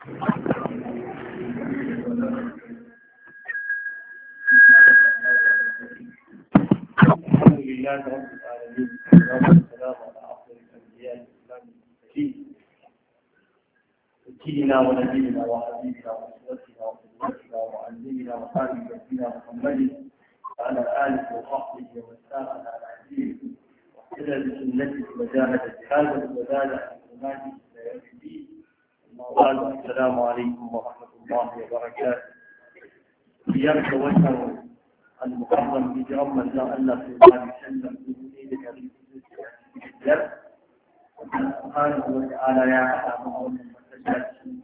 الحمد لله رب العالمين والسلام على أفضل الأنبياء والإسلام المستقيم سيدنا ونبينا وحبيبنا وأسوتنا وقدوتنا ومعلمنا وحبيب ربنا محمد وعلى آله وصحبه وسلم على نهجه واهتدى بسنته وجاهد جهاده وزاد عن إيمانه إلى يوم الدين وقال السلام عليكم ورحمة الله وبركاته قيامك وجهه المحرم بجرم لا أن في الله وسلم بإذن الله سبحانه وتعالى يا أعلم أول أمم المسجد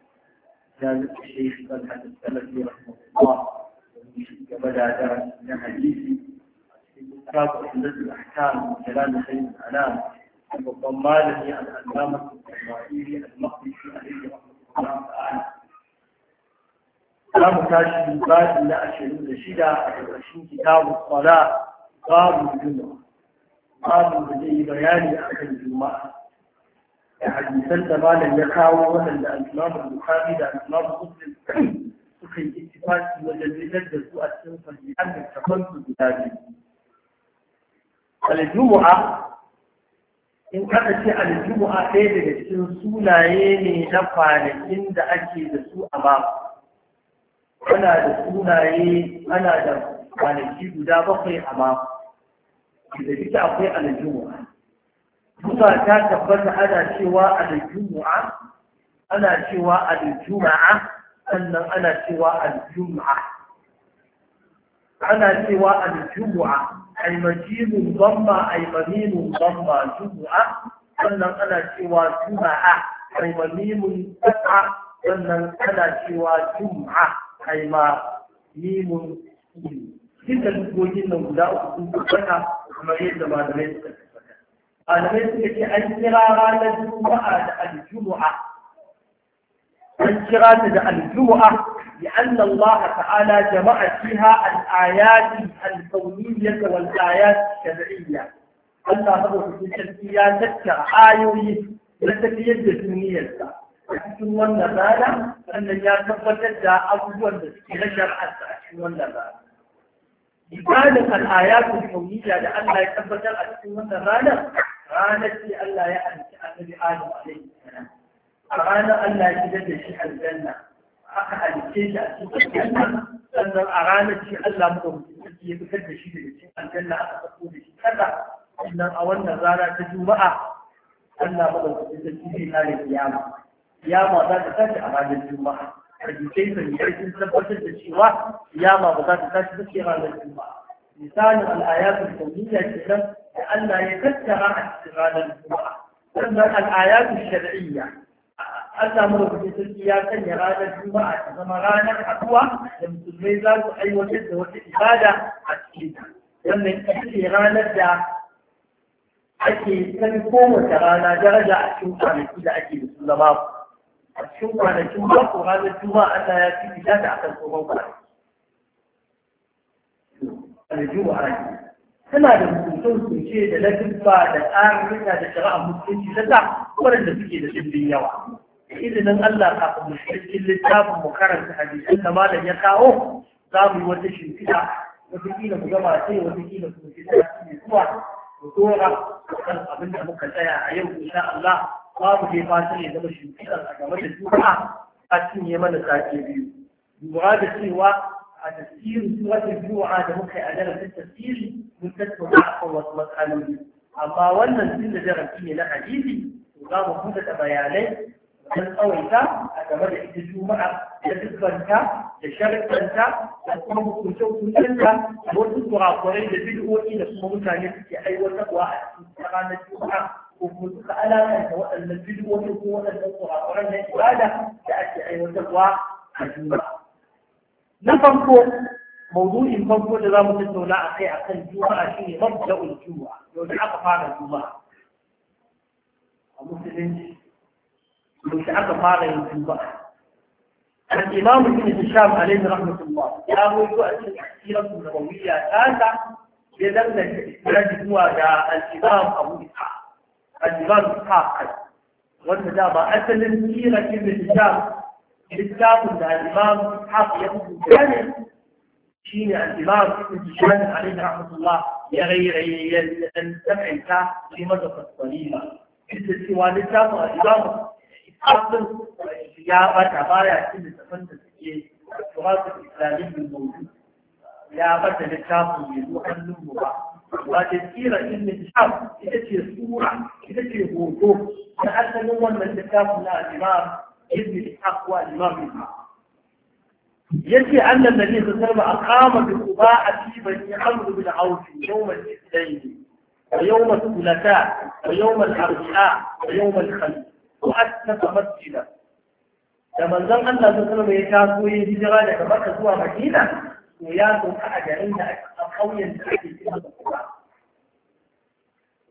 جازة الشيخ طلحة السلفي رحمه الله بدأ درس من حديثه في كتاب الأحكام من خير الأعلام babban malami al'adama Ismaili al-Maqdisi alaihi rahmatullahi ta'ala za mu tashi babi na ashirin da shida a ƙarƙashin kitabu tsala babu juma'a babu da zai yi bayani a kan juma'a da hadisan da malam ya kawo waɗanda al-imamu bukhari da al-imamu muslim suka yi ittifaki wajen rigar da su a cikin sahihan da tafansu guda biyu al-juma'a in kada ce aljumu'a ɗaya daga cikin sunaye ne na kwanakin da ake da su a mako ana da sunaye ana da kwanaki guda bakwai a mako da duka akwai aljumu'a Musa ta tabbata ana cewa aljumu'a ana cewa aljuma'a sannan ana cewa aljuma'a ana cewa aljumu'a ai majibun bamma ai maminun bamma jubu'a sannan ana cewa juma'a ai mamimun ta'a sannan ana cewa juma'a ai ma mimun duka dukkokin nan guda uku sun tabbata kamar yadda malamai suka tabbata malamai suka ce an kira ranar juma'a da aljumu'a an kira ta da aljumu'a لأن الله تعالى جمع فيها الآيات الكونية والآيات الشرعية الله ربه في الشرعية تذكر آيوي لتكي يجد سنية أشهر والنبالة أن يتبت الداء أول لشرعة أشهر والنبالة لذلك الآيات الكونية لأن يتبت أشهر والنبالة قالت لأن لا يأتي أهل آدم عليه السلام قال أن لا يجد شيء الجنة aka halice shi a cikin aljanna sannan a ranar shi Allah mu dauki sarki ya fitar da shi daga cikin aljanna aka sako da shi kada sannan a wannan rana ta juma'a Allah mu dauki sarki zai kare kiyama kiyama za ta tashi a ranar juma'a hadisai sun yi sun tabbatar da cewa kiyama ba za ta tashi ba sai ranar juma'a misalin al'ayatul kauniyya kenan da Allah ya tattara a cikin ranar juma'a sannan al'ayatul shar'iyya Allah mawakin sarki ya sanya ranar Juma'a ta zama ranar haɗuwa da musulmai za su aiwatar da wata ibada a cikin wannan ita ranar da ake sani kowace rana daraja a cikin kwanaki da ake da su zama a cikin kwanakin mako ranar Juma'a Allah ya fi fita da akan tsohon kwanaki. Aljuma'a suna da mutum kunce da lafifa da tsarin da shari'a mutunci da sa waɗanda suke da dimbin yawa. izinin Allah kafin mu littafin mu karanta hadisin da malam ya kawo za mu yi wata shimfiɗa wata kila mu gama sai wata kila mu ji sai zuwa mu dora kan abin da muka tsaya a yau insha Allah babu dai fatan ne zama shimfiɗa a game da juma'a a cinye mana sake biyu lura da cewa a tasirin suratul juma'a da muka yi a darasin tasiri mun tattauna akan wasu matsaloli amma wannan tun da darasi ne na hadisi to za mu buɗe bayanai an tsawaita a game da ita juma'a da dubbanta da sharɗanta da kuma hukunce hukuncenta da wasu kurakurai da bid'o'i da kuma mutane suke aiwatarwa a cikin ranar juma'a ko kuma suka alaƙanta waɗannan bid'o'i ko waɗannan kurakuran na ibada da ake aiwatarwa a juma'a. Na farko mawdu'in farko da za mu tattauna a kai a kan juma'a shine mabda'ul juma'a yau da aka fara juma'a a musulunci yaushe aka fara yin tuba الإمام ابن الشام عليه رحمة الله يا أبو يؤتي السيرة النبوية هذا يدل الإسناد هو الإمام أبو إسحاق الإمام إسحاق والمجابة أسل السيرة ابن هشام من الإمام إسحاق يقول كان شين الإمام ابن الشام عليه رحمة الله يغير أن تبعك في مدرسة صليبة مثل سوى الإمام أصل يا بطا cikin littafin في التراث الإسلامي الموجود يا بطا للشاف يدو hannun mu ba وتذكير إن الشاف إذا في صورة إذا في هوتو فأنت نوع من الشاف من الإمام ابن الحق والإمام الحق يجي أن النبي صلى الله عليه وسلم أقام بقباء في بني عمرو بن عوف يوم الاثنين ويوم الثلاثاء ويوم الأربعاء ويوم الخميس ko asna ta masjida da manzon Allah ta sallama ya ta so jira hijira daga Makka zuwa Madina to ya so ka a garin da a kauyen da ake cikin Makka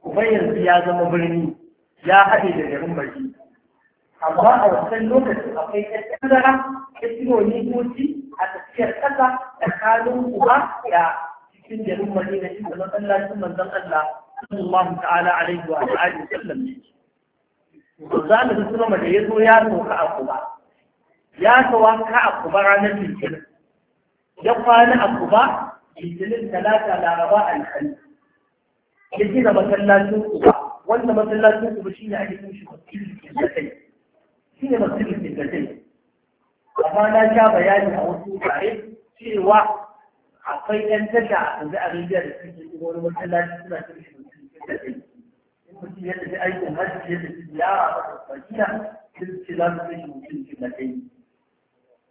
kuma yanzu ya zama birni ya haɗe da garin Madina amma a wannan lokacin akwai ƙasƙan zara ya tuno ni hoci a tafiyar ƙasa da kalin kuma ya cikin garin Madina inda masallacin manzon Allah sallallahu ta'ala alaihi wa alihi wa sallam za mu su da ya zo ya sauka a kuba ya sauka a kuba ranar litinin ya kwana a kuba litinin talata laraba alhali ya gina masallacin kuba wanda masallacin kuba shi ne ake kunshi masjidin kintatai shi ne masjidin kintatai amma na sha bayani a wasu tare cewa akwai 'yan tasha a kanzu a rijiyar da suke wani masallaci suna kunshi masjidin kintatai kuɗi ya tafi aikin hajji ya tafi ziyara a Madina silsilan sai mutum kilatai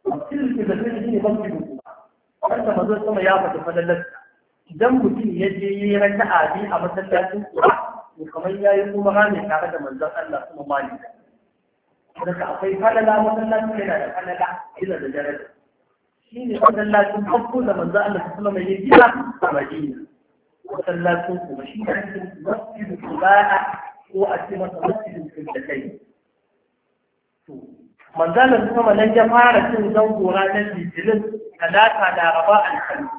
mutum kilatai shi ne mafi mutum wanda mazan sama ya fata falalarsa idan mutum ya je ya yi raka'a ne a masallacin kura to kamar ya yi kuma ne tare da manzon Allah kuma mali daga akwai falala masallacin yana da falala yana da daraja shi ne masallacin farko da manzon Allah kuma mai yi gida a Madina masallacin kuma shi ne ake masjid kubana ko a ce masa masjid kubbatai to manzalan kuma nan ya fara cin zango ranar litinin talata raba alhamis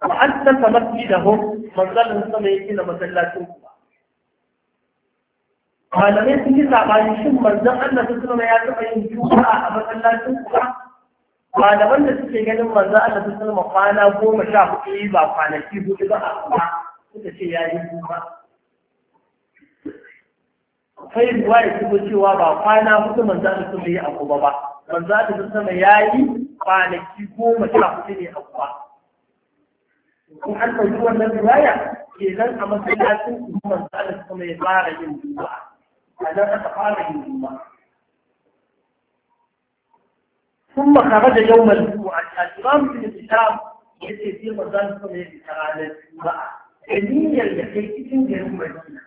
Kuma an sassa masjidahum manzalan sama ya gina masallacin kuma malamai sun yi saɓani shin manzan Allah su ya taɓa yin juma'a a masallacin ku ba. malaman da suke ganin manzo Allah sun sallama kwana goma sha hudu ba kwanaki hudu ba a kuma suka ce ya yi kuma kai ruwa ya kuma cewa ba kwana hudu manzo Allah sun yi a kuma ba manzo Allah sun sallama ya yi kwanaki goma sha hudu ne a kuma in an ɗauki wannan riwaya nan a masallacin kuma manzo Allah sun ya fara yin duba a nan aka fara yin duba ثم خرج يوم الجمعة الإمام ابن الكتاب يأتي في رمضان صلى الله عليه وسلم علميا يحيي في يوم المدينة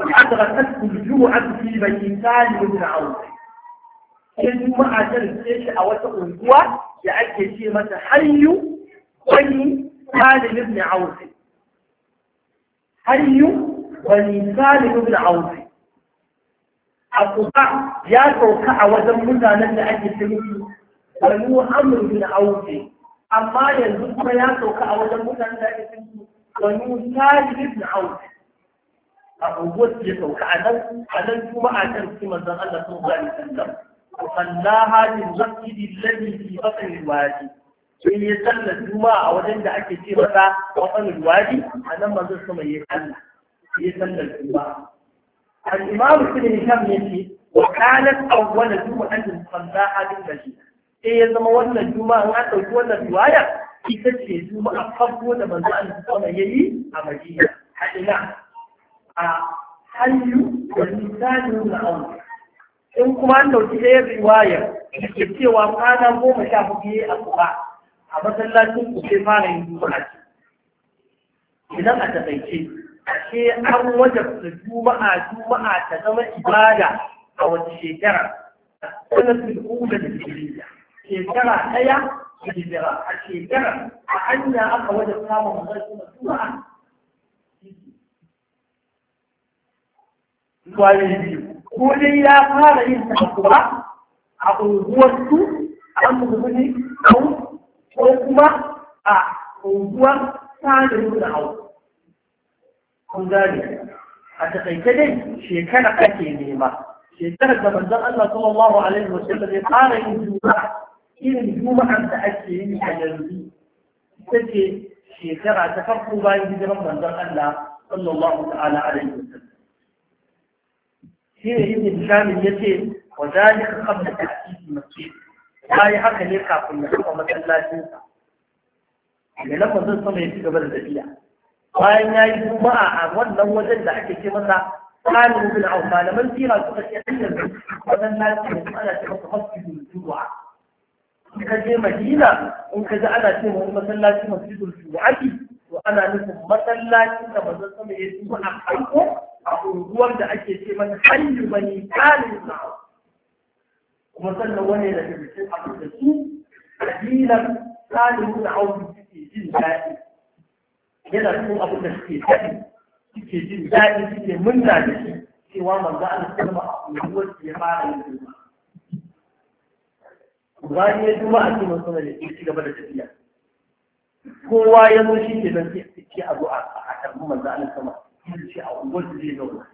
أسكن الجمعة في بني سالم بن عوف الجمعة تنسيش أو تقوى يأتي في مثل حي بني سالم بن عوف حي ولي سالم بن عوف a kusa ya sauka a wajen mutanen da ake sirri wani Muhammadu bin auke amma yanzu kuma ya sauka a wajen mutanen da ake sirri wani sali bin auke a unguwar ya sauka a nan a nan kuma a kan su manzon Allah sun gani sallam sallaha min masjidi alladhi fi batni alwadi sun ya sallar juma'a a wajen da ake ce masa batni alwadi a nan manzon sama ya sallah ya sallar juma'a الإمام ابن هشام يجي وكانت أول جمعة مصلى بالمدينة sai ya zama wannan juma'a an ɗauki wannan riwaya ita ce juma'a farko da manzo Allah sallallahu alaihi a Madina a ina a hanyu da misali na aure in kuma an ɗauki ɗaya riwaya ke cewa kwana goma sha hudu ya a kuba a masallacin ku fara yin juma'a idan a taƙaice ashe an wajabta juma'a juma'a ta zama ibada a wani shekara sanatul ula da da hijriya shekara ɗaya hijira a shekara a hanya aka wajabta ma manzon juma'a kwayoyi biyu ko dai ya fara yin takura a unguwarsu a kau ko kuma a unguwar tsarin da hau كوداني أتقيتني شيء كان قاتي بهما شيء ترك من ذا الله صلى الله عليه وسلم قال إن جمع إن جمع أنت أتيه حجري تكي شيء ترى تفرق بين ذا من ذا الله صلى الله تعالى عليه وسلم هنا يبني الشام يتي وذلك قبل تأسيس المسجد لا يحق لك قبل مسجد الله تنسى لما ذا صلى يتكبر الذبيحة bayan ya yi juma'a a wannan wajen da ake ce masa tsarin bin au malaman sira suka ce an yanzu wajen lafiya su ana ce masa masjidul juma'a in ka je madina in ka ji ana ce wani masallaci masjidul juma'a to ana nufin masallacin da manzon sama ya yi a farko a unguwar da ake ce masa hanyu bani tsarin sa'o kuma sannan wani da cikin abin da su kabilan tsarin bin au suke jin daɗi yana cikin abin da suke sani suke jin daɗi suke munna da shi cewa manzo Allah sallama a unguwar ya fara yin juma'a bayan ya juma'a ce manzo ne ya ci gaba da tafiya kowa ya zo shi ke nan sai a zo a karbi manzo Allah sama shi a unguwar zai zauna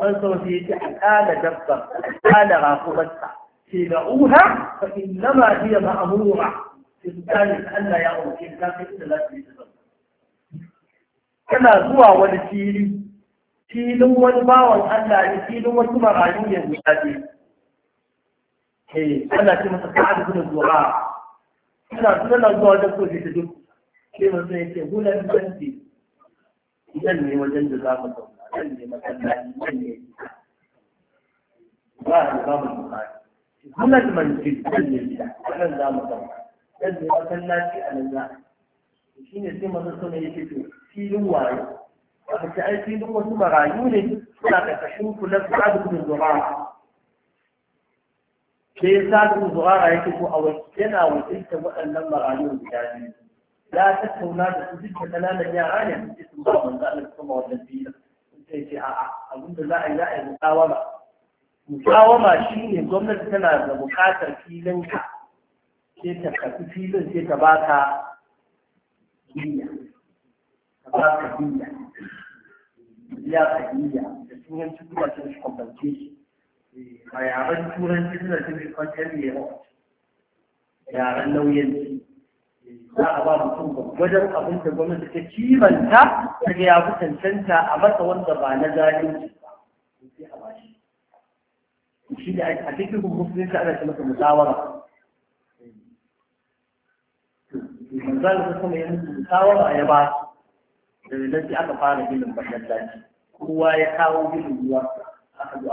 an sau sai ya ce a kala dabbar a kala rafuwarsa sai da uha fa innama hiya ma'amura sai su gane Allah ya umarce ta kai inda za su yi ta kana zuwa wani fili filin wani bawan Allah ne filin wasu marayu ne guda ne eh, ana ce masa ka'ad da zuwa suna suna zuwa ta duk sai ce gula zanti ne wajen da za mu zauna nan ne masallaci nan ne ba da ba mu gula nan ne gida nan za mu zauna nan ne masallaci a nan za shi ne sai masu suna yake to filin waye a ce ai filin wasu marayu ne suna ƙarƙashin kulan sa'adu bin zurara ke sa'adu bin zurara yake ko a wasu yana ita waɗannan marayu da ya biyu ya tattauna da su duk da ƙananan yara ne su sun ba a Allah kuma wannan filin sun ce a'a da za a yi za a yi mukawama shi ne gwamnati tana da buƙatar filinka ke ta kafi filin ke ta baka duniya kaza kadiya ya kadiya da turanci suna cin shi kwamfance shi eh, a yaren turanci suna cin shi kwanciyar yawon yaren nauyin eh, za a ba mutum gwagwajen abin da gwamnati ta kimanta ta ga ya cancanta a masa wanda ba na zalunci ba a bashi shi da a cikin musulunci ana ce masa musawara eh, manzalin kuma ya musu musawara ya ba الذي aka fara ginin masallaci kowa ya kawo ginin ruwa aka zo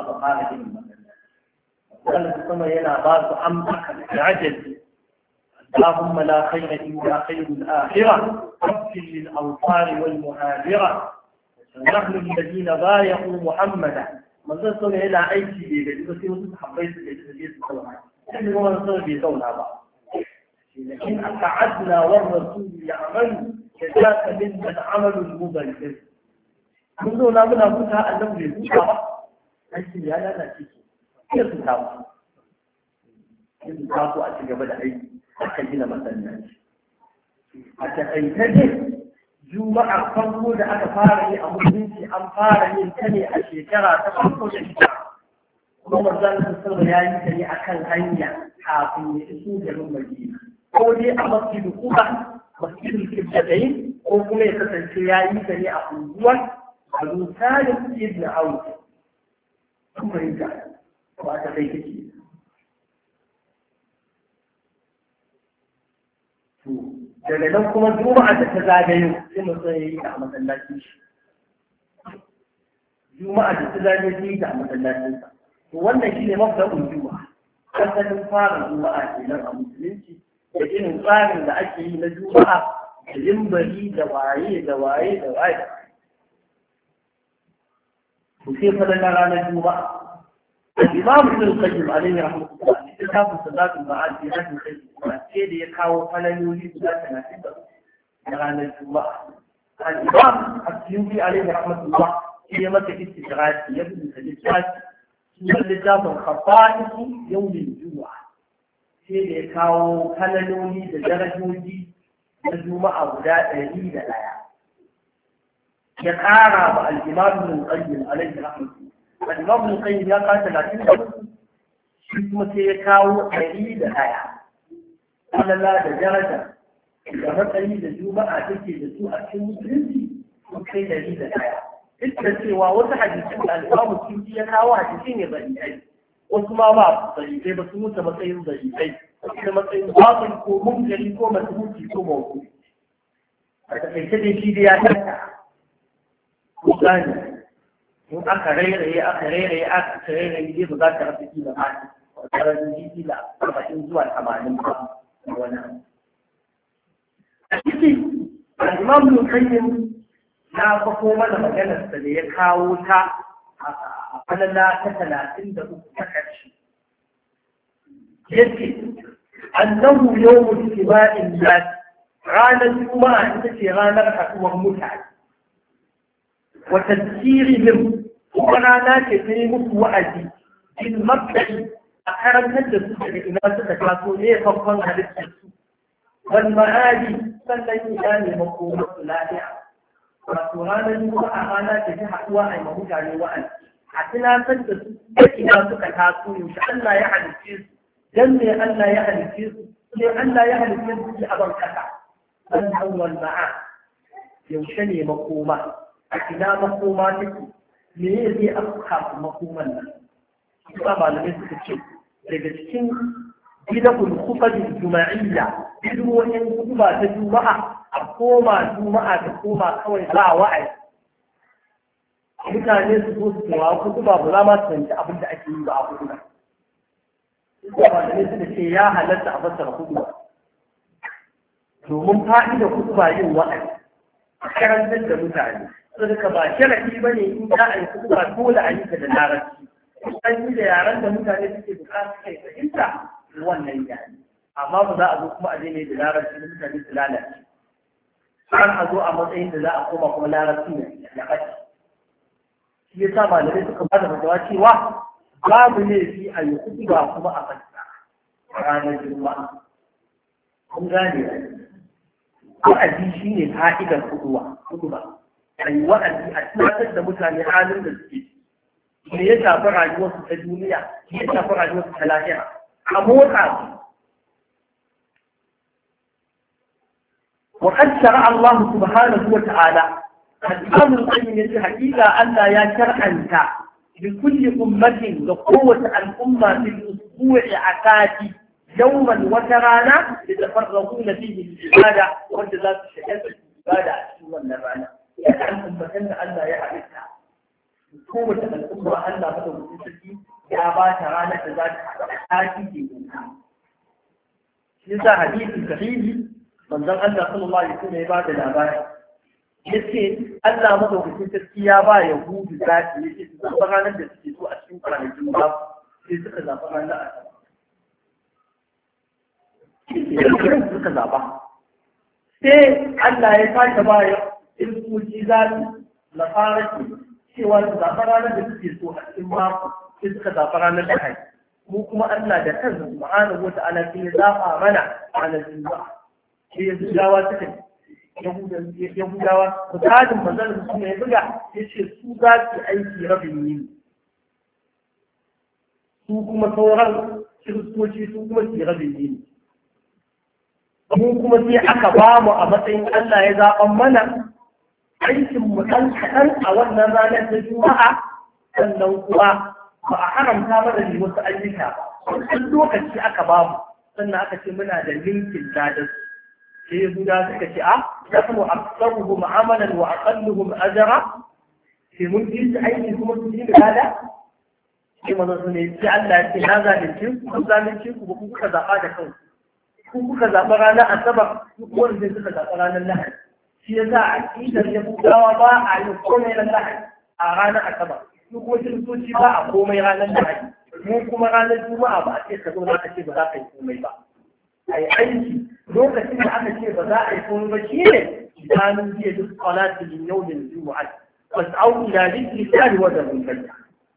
aka اللهم لا خير إلا خير الآخرة رب للأوطار والمهاجرة نحن الذين بايعوا محمدا من ذا صلى إلى أي شيء يجب أن يكون حبيت الإجابة الصلاة نحن نصلي في بيتونا بعض لكن أقعدنا والرسول يعمل جزاك منا العمل المبرر mun zo na muna kuta Allah bai kuta ba aiki ya lalace ke sai su tawo sai su tawo a ci gaba da aiki aka gina masallaci a takaice ne juma'a farko da aka fara yi a musulunci an fara yin ta ne a shekara ta farko da ita kuma manzon ya yi ta akan hanya kafin ya ko dai a masjidu masjidin kibdatain ko kuma ya kasance ya yi ta ne a unguwar a misalin ibn awu kuma yin ta ba ta kai kake daga nan kuma juma'a da ta zagayo sai mutum ya yi ta a masallacin shi juma'a da ta zagayo sai yi ta a masallacin sa to wannan shine mafda'un juma'a kasanin fara juma'a kenan a musulunci da irin tsarin da ake yi na juma'a da limbari da waye da waye da waye da waye to sai fadar na ranar juma'a الإمام ابن القيم عليه رحمة الله في كتاب صداق المعاد في هذه الخير كيد يكاو فلا يولي لا تناسب يغانا الجمعة الإمام السيوبي عليه رحمة الله في مكة استدراج يبني في الإسلام في الكتاب الخطائف يوم الجمعة sai da ya kawo kalaloli da darajoji na juma'a guda ɗari da ɗaya ya ƙara wa al'imamu mun ƙayyar alaihi rahmatu al'imamu mun ƙayyar ya kawo talatin da uku shi kuma sai ya kawo ɗari da ɗaya kalala da daraja da matsayi da juma'a take da su a cikin musulunci sun kai ɗari da ɗaya duk da cewa wasu hadisin da al'imamu sun ya kawo hadisi ne ba ɗaya wasu ma ba zarifai ba su wuce matsayin zarifai da matsayin babin ko munkari ko masuhuci ko mawuku a takaice dai shi dai ya tarka ko gani aka rairaye aka rairaye aka rairaye dai ba za ta rasa kila ba ƙararrun jiki da arba'in zuwa tamanin ba wani a ciki al'imam bin na fako mana maganar da ya kawo ta a falala ta talatin da uku ta يجي أنه يوم اجتماع الناس رانا الجمعة التي رانا الحكومة متعة وتذكيرهم ورانا كثير وعدي في المبدأ أكرم هدف الإناس تكاسوني فقط هدف والمعالي sannan ya ne makomar su lafiya. Wato ranar Juma'a rana ce ta haɗuwa a yi mutane wa'an. A tunatar da su da ina suka taso yaushe Allah ya halicce su dan me Allah ya halice su sai Allah ya halice su a ban kasa an hawal ma'a yaushe ne makoma a ina makoma take me ya zai afka makoman nan kuma malamai suka ce daga cikin bidakul khufadin juma'iyya bidoyin kuma ta juma'a a koma juma'a ta koma kawai ba wa'ayi mutane su zo su tawa kuma ba za ma su abin da ake yi ba a kudu inda malamai suka ce ya halatta a fassara hudu domin fa'ida hudu ba yin wa'azi a karantar da mutane saboda ba sharafi ba ne in za a yi hudu ba dole a yi ta da larabci an yi da yaren da mutane suke bukata kai fahimta wannan yare amma ba za a zo kuma a je ne da larabci da mutane su lalace har a zo a matsayin da za a koma kuma larabci ne ya kaci shi ya sa malamai suka ba da fatawa cewa babu laifi a yi kuɗi ba kuma a fasa ranar juma'a kun gane wa'azi shi ne fa'idar kuɗuwa kuɗuwa a yi wa'azi a tunatar da mutane halin da suke me ya shafi rayuwarsu ta duniya me ya shafi rayuwarsu ta lahira a motsa su وقد شرع الله سبحانه وتعالى الإمام القيم يقول حقيقة أن لا يشرع أنت لكل أمة لقوة الأمة في الأسبوع عكاتي يوما وترانا يتفرغون فيه للعبادة وانت ذات في العبادة أسوما لبانا يجعل أمتنا ألا يعرفها قوة الأمة ألا بدو بسكي يا با ترانا كذلك عكاتي في منها لذا حديث صحيح من ذا الله صلى الله عليه وسلم عبادة العبادة ya ce Allah madaukakin sarki ya ba Yahudu zaɓi ya ce su zaɓi ranar da suke so a cikin kwanakin ba sai suka zaɓi ranar a Yankin suka zaɓa. Sai Allah ya sake ba ya ilkoci zaɓi na fara ce cewa su zaɓi ranar da suke so a cikin mako sai suka zaɓi ranar da kai. Mu kuma Allah da kansa subhanahu wa ta'ala sai ya zaɓa mana ranar ba Sai ya zuwa suka yahudawa misalin manzon su ne buga yace su za su aiki rabin yini su kuma sauran kiristoci su kuma su rabin yini mu kuma sai aka ba mu a matsayin Allah ya zaɓan mana aikin mu ɗan kaɗan a wannan ranar ta juma'a sannan kuma ba a haramta mana ne wasu ayyuka ba lokaci aka ba mu sannan aka ce muna da linkin ladarsu sai guda suka ce a ah, nahnu aktsaruhum amalan wa aqalluhum ajra sai mun yi aiki kuma su yi da sai manzon sun yi sai Allah ya ce na zalunci ku kun zalunci ku kuka zaɓa da kanku ku kuka zaɓa ranar asabar ku wanda sai kuka zaɓa ranar lahadi shi ya za a ƙidar yahudawa ba a yi komai na lahadi a ranar asabar su kuma sun kiristoci ba a komai ranar lahadi mu kuma ranar juma'a ba a ce ka zo na ka ce ba za ka yi komai ba a yi aiki lokacin da aka ce ba za a yi komai ba shi ne idanun jiya duk salatu min yau da juma'a fas'au ila zikri tsari wa da munkari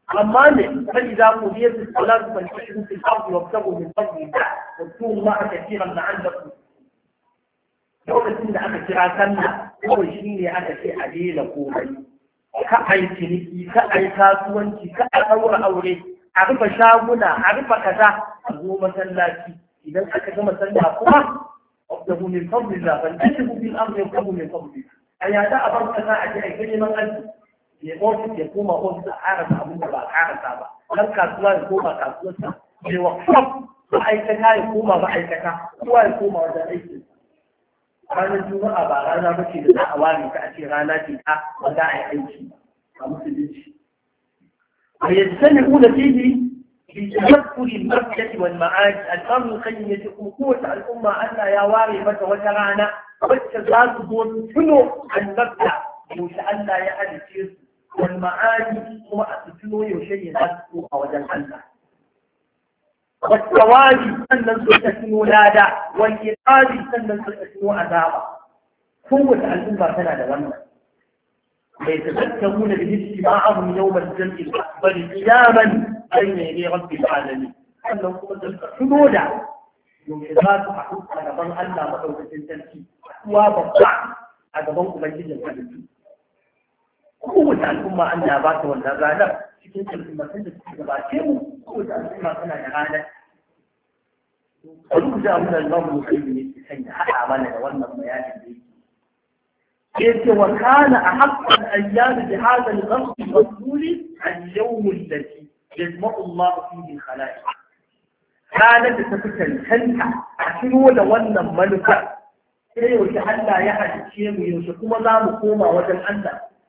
amma ne kai za ku biyar da salatu ban ta shi fil ardi wa tabu min fadli da tu'u ma kathiran la'allakum lokacin da aka kira sallah kawai shi ne aka ce a dela komai ka a yi ciniki ka a yi kasuwanci ka a ɗaura aure a rufe shaguna a rufe kaza a zo masallaci إذا كما سنة قوة أبده من فضل الله فانتشفوا في الأرض يبقوا من فضل الله أي هذا أبرنا ساعة أي كلمة أنت يقول يقوم أقول أعرف أبوه بعد أعرف أبا لم كاسوا يقوم كاسوا يوقف ma'aikata ya koma ma'aikata kowa ya koma wajen aiki ranar juma'a ba rana ba ce da za a ware ta a ce rana ce ta ba za a yi aiki a musulunci لتذكر المبدأ والمعاد الأمر كان يجب قوة الأمة أن يا واري وجرانا وترانا والتزاد دون تنو المبدأ يوشى أن يا ألي والمعاد هو أتتنو يوشي نفسه أو الله والتوالي سنن سلسنو لادا والإقالي سنن سلسنو عذابا قوة الأمة تنا لغنى ويتذكرون باجتماعهم يوم الجمع الأكبر قياما بين رب العالمين انه حدودا ينفذات حقوق على ظن الا مخوفه تنتهي وابقى هذا ظن ابن جد الحبيبي قوت عن امة ان نابات ولا غالة في كنت لما تنزل في غباتهم قوت عن امة ان نغالة قلوك جاء من النظر وخيبني سيحن حقا مانا يولنا الميان كيف وكان أحق الأيام بهذا الغرق المفضول اليوم الذي يجمع الله فيه الخلائق هذا اللي تفكر الحنكة عشان هو لو أن الملكة كي يتحلى يحد الشيء ويوشي كما لا مقومة وجل أنت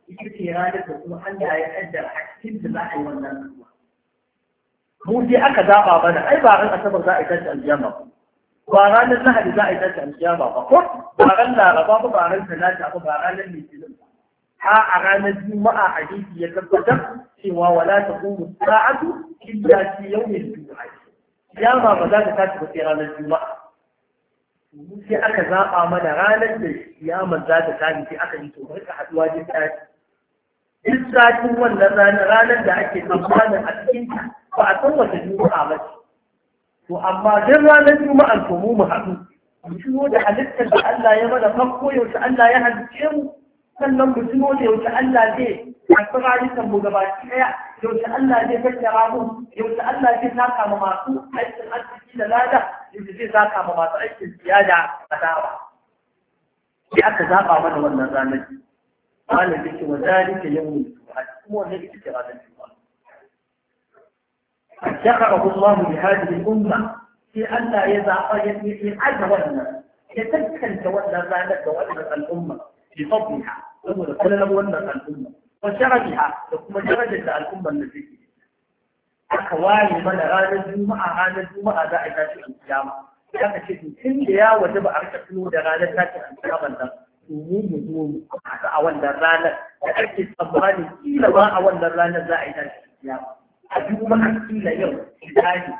يكتي هذا الحكومة حتى يحجر حكتين بالله وأن الملكة موزي أكدا بابنا أي باغن أسبر زائدة الجامعة باغن الزهد زائدة الجامعة فقط باغن لا رباب باغن ثلاثة باغن اللي ha a ranar juma'a a hadisi ya tabbatar cewa wala ta kuma sa'atu illa fi yawmin juma'a ma ba za ta tashi ba sai ranar juma'a sai aka zaba mana ranar da ya za ta tashi sai aka yi to rika haduwa duk sati duk satin wannan ranar ranar da ake tsammanin a cikin ta ba a san wata juma'a ba ce to amma duk ranar juma'a to mu mu haɗu mu shigo da halittar da Allah ya mana farko yaushe Allah ya halicce mu sannan mu tuno da yaushe Allah zai karɓi rayukan mu gaba ɗaya yaushe Allah ne zai tattara mu yaushe Allah ne saka kama masu aikin arziki da lada yaushe zai saka ma masu aikin siyada a dawa sai aka zaba mana wannan ranar malam yake wa zalika yawmul jumu'ah cikin wannan ita ce ranar jumu'ah ذكره الله لهذه الأمة في أن إذا أجب في أجب ولا يتذكر تولى ذلك ولا الأمة بفضلها saboda kullum wannan al'umma wa sharafiha da kuma darajar da al'ummar da take aka ware mana ranar juma'a ranar juma'a za a tashi a alkiyama sai aka ce tun da ya waje ba a rika tuno da ranar tashin alkiyama nan to mu mu zo mu haka a wannan ranar da ake tsammani kila ba a wannan ranar za a yi tashi a alkiyama a juma'a kila yau shi tashi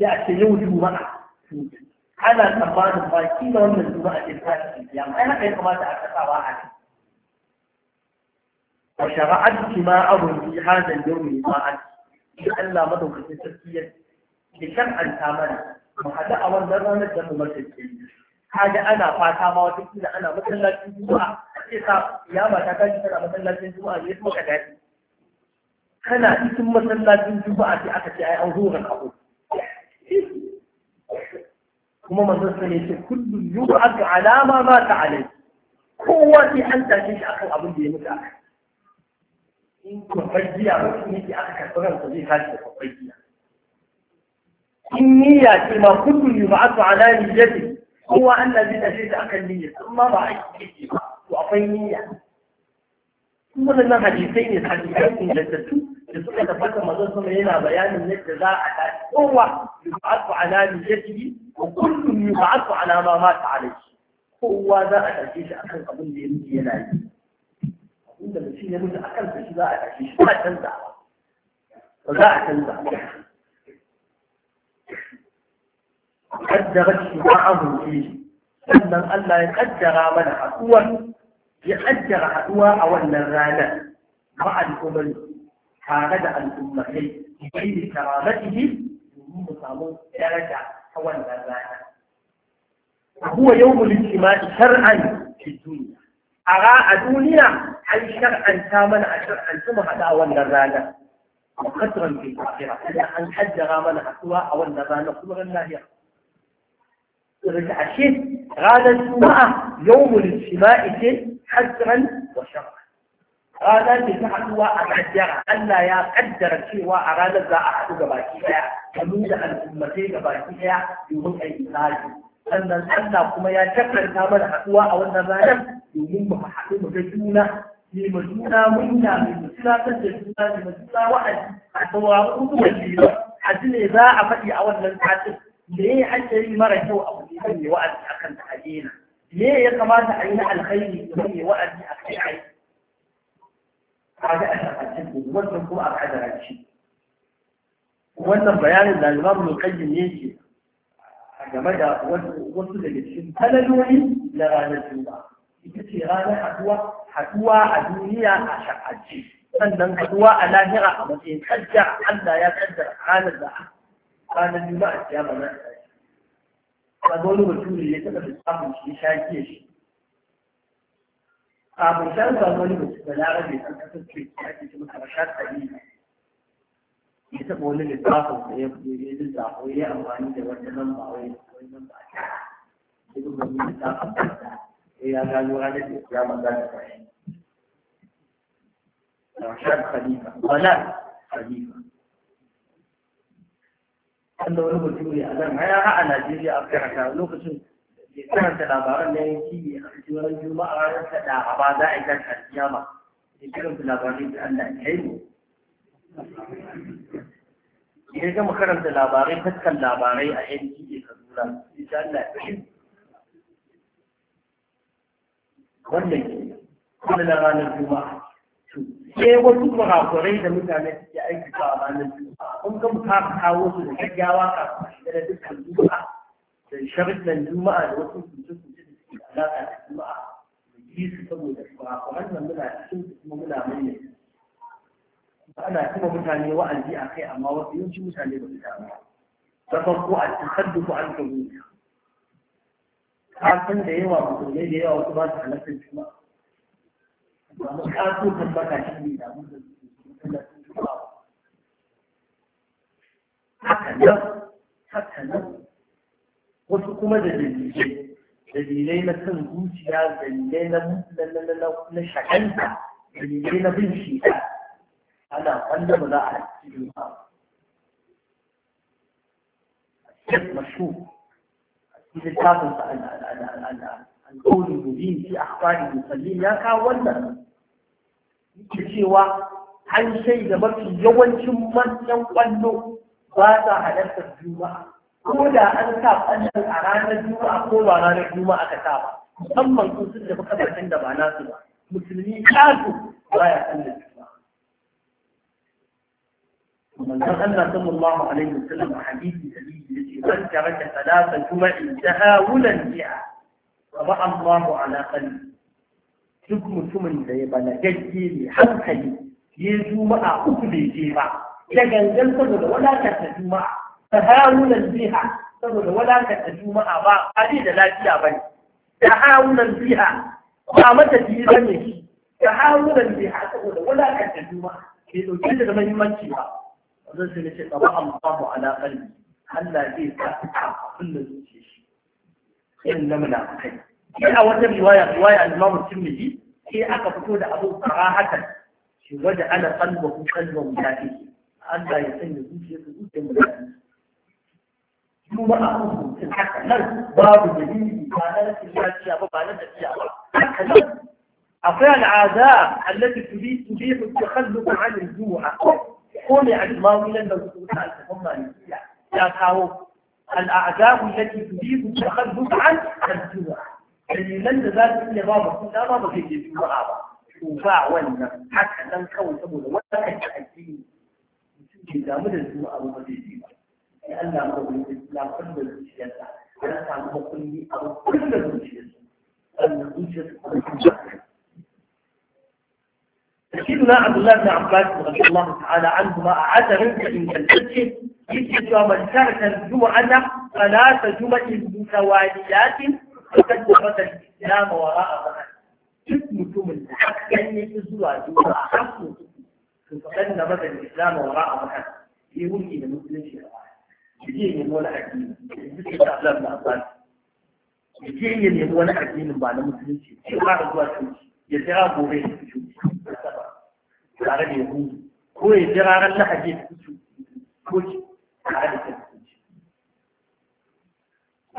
ya ce yau juma'a to على الأفراد الضائع كيف من زمرة الفاتحة أنا في قمات أفتقى واحد وشرعت كما أظن في هذا اليوم لطاعة لألا مضوا في السرسية بشمع الثامن وحدا أول مرة نجم مرسل حاجة أنا فاتحة ما وتكين أنا مثل لك الزمعة إذا يا ما تكاجي أنا مثل لك الزمعة يسمك أجاتي أنا اسم مثل لك الزمعة أكتي أي أظهور الأظهور كما مثلا كل يبعث على ما مات عليه قوة أنت تجيش أقل أبو دي مدعك إن كفجية وإنك أقل كفجية وإنك أقل كفجية إني ياتي ما كل يبعث على نيته هو أن الذي تجيش أقل نية ما رأيت كفجية وأفين نية ثم لنا حديثين الحديثين من جسدتك da suka tabbata manzon sama yana bayanin yadda za a tashi kowa yub'atu ala niyyatihi wa kullun yub'atu ala ma mata alayhi kowa za a tashi shi akan abin da ya mutu yana yi abin da mutum ya mutu akan sa shi za a tashi shi ba canza ba za a canza قدرت شفاعه فيه sannan Allah ya kaddara mana haɗuwar ya kaddara haɗuwa a wannan ranar ma'al umar كانت الأمتين بين كرامته ومصابون درجة هو المرانة وهو يوم الاجتماع شرعا في الدنيا أغاء دونيا أي شرعا ثامن أشرعا ثم هذا هو المرانة وخطرا في الآخرة إذا أن حج غامن أسواء أو النظام كل غناه رجع شيء غادا يوم الاجتماع حجرا وشرعا ranar da ta haɗuwa a kaddara Allah ya kaddara cewa a ranar za a haɗu ga baki ɗaya a nuna al'ummatai ga baki ɗaya domin a yi tsari sannan Allah kuma ya tabbata mana haɗuwa a wannan ranar domin mu haɗu mu ga juna ne ma juna murna ne mu tunatar da juna ne ma juna wa'azi a sauraron hukumar jira a ji ne za a faɗi a wannan satin me ya ake yi mara kyau a kuɗi ne wa'azi akan ta a me ya kamata a yi na alkhairi domin ne wa'azi a kai a yi kaga a shafacin wannan kuma a kadara ce wannan bayanin da limamu mai kayyin yake game da wasu daga cikin talaloli na ranar juma'a ita ce ranar haduwa haduwa a duniya a shafacin sannan haduwa a lahira a matsayin kaddara Allah ya kaddara ranar da ranar juma'a ya ba kaga wani mutum ne ya taɓa lissafin shi ya sha shi أبو سلمة من المسلمين، أبو سلمة من المسلمين، أبو سلمة من يجب ان سلمة من المسلمين، أبو سلمة من المسلمين، أبو سلمة من المسلمين، أبو سلمة من المسلمين، أبو سلمة من المسلمين، أبو سلمة من المسلمين، أبو سلمة من المسلمين، أبو يجب ان المسلمين، أبو سلمة من المسلمين، أبو سلمة من المسلمين، أبو يكون من المسلمين، أبو سلمة من المسلمين، أبو سلمة من المسلمين، أبو سلمة من المسلمين، أبو سلمة من المسلمين، أبو سلمة من المسلمين، أبو سلمة من المسلمين، أبو ke karanta labaran da a cikin juma'a ranar da ba za a yi karanta labarai da Allah ya yi mu ya gama karanta labarai fuskan labarai a yanki ke kaduna insha Allah ya yi wannan ke kuma na ranar juma'a sai wasu kurakurai da mutane suke aikata a ranar juma'a kun ga kawo su da gaggawa kafin shiga da dukkan juma'a شغل من دماء وصل من جسد الدماء يجلس في الدماء وعندما منا من منا أنا كم مثاني وعندي أخي أما وفي يوم شو مثاني بمثاني تفقوا عن تخدف عن كبير كافن دي وابطولي إيه دي وابطولي دي وابطولي دي وابطولي دي وابطولي دي وابطولي دي wasu kuma da dalilai dalilai na kan zuciya dalilai na shakanta dalilai na bin shi ana wanda ba za a da ba الشيخ مشهور في الكافر a المبين في ya kawo wannan. yake cewa an shaida mafi yawancin manyan kwallo ba sa halartar juma'a ko da an sa ƙwallon a ranar juma'a ko ba ranar juma'a aka sa ba musamman kun sun da makabartan da ba nasu ba musulmi kasu ba ya san da manzon Allah sallallahu alaihi wasallam a hadisi sahihi yace man taraka salata juma'i tahawulan biha wa Allahu ala qalbi duk mutumin da ya balagagge ne hankali ya juma'a uku bai je ba da gangan saboda wadatar ta juma'a tahawunan biha saboda walakanta juma'a ba abin da lafiya ba ne tahawunan biha ba mata biyu ba ne shi tahawunan biha saboda walakanta juma'a bai ɗauke da mahimmanci ba zan sai nace tsaba Allahu ala qalbi Allah zai sa abin da zuciya shi irin na munafikai sai a wata riwaya riwaya al-Imam Tirmidhi sai aka fito da abu sarahatan shi waje ana qalbu qalbu mutafi Allah ya sanya zuciya su zuciya mutafi su ma a kan hutun haka nan babu dalili ba na rashin lafiya ba ba na tafiya ba haka nan akwai al'ada allati tubihu takhalluq 'an al-jumu'a ko ne al-mawi nan da su ta al-kafan malikiya ya kawo al'ada allati tubihu takhalluq 'an al-jumu'a dalilan da za su iya ba mutum dama ba zai je juma'a ba to ba wannan haka nan kawai saboda wannan kan addini mutum ke damu da juma'a ba zai je لأنه Allah ma wani islam kan da zuciyarsa ya samu makulli a سيدنا عبد الله بن عباس رضي الله تعالى عنهما أعاد منك إن كنتك يجب من ترك الجمعة ثلاث جمع متواليات فقد دخل الإسلام وراء ظهر اسم جمل أن يجزوا جمعة حقا فقد نبذ الإسلام وراء ظهر يقول إلى مسلم شيئا je ya nemi wani na ya addinin ba na musulunci sai fara zuwa coci ya jira gobe ya fito tare da yahudu ko ya jira ran lahadi ya fito coci tare da kiristoci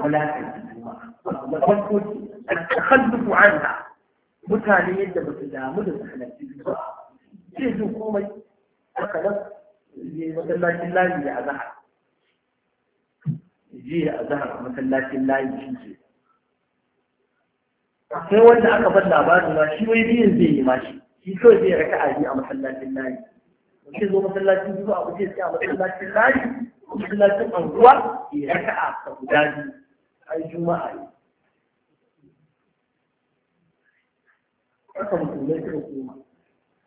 wala ta yi na A al-takhalluf anha mutane yadda ba su damu da su halarci ba komai haka nan masallacin lafiya a zahar jiya a zahar a masallacin layi shi ce akwai wanda aka bar labarin ma shi wai biyan zai yi mashi shi kawai zai raka a biyu a masallacin layi Wace zo masallacin zuwa a wuce sai a masallacin layi masallacin anguwa ya raka a guda biyu ai juma'a ne haka musulmai suka koma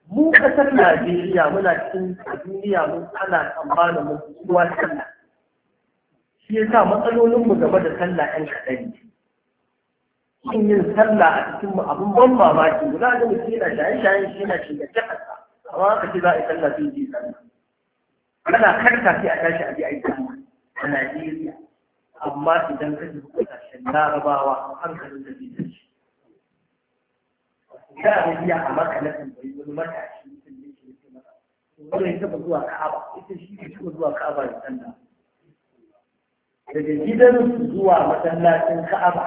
mu kasar najeriya muna cikin duniya mun ana tsammanin mun kowa sallah shi ya sa matsalolinmu game da sallah ɗan kaɗan shin yin sallah a cikin mu abin ban mamaki guda da mutum yana shaye-shayen shi yana shiga da ƙasa amma aka ce za a yi sallah sun yi sallah ana karta sai a tashi a bi a yi sallah a Najeriya amma idan ka ji ƙasashen larabawa hankalin da zai tashi da a a maka na tambayi wani matashi mutum ne ke masa wani ya taɓa zuwa ka'aba ita shi ne taɓa zuwa ka'aba da sallah daga gidansu zuwa masallacin ka'aba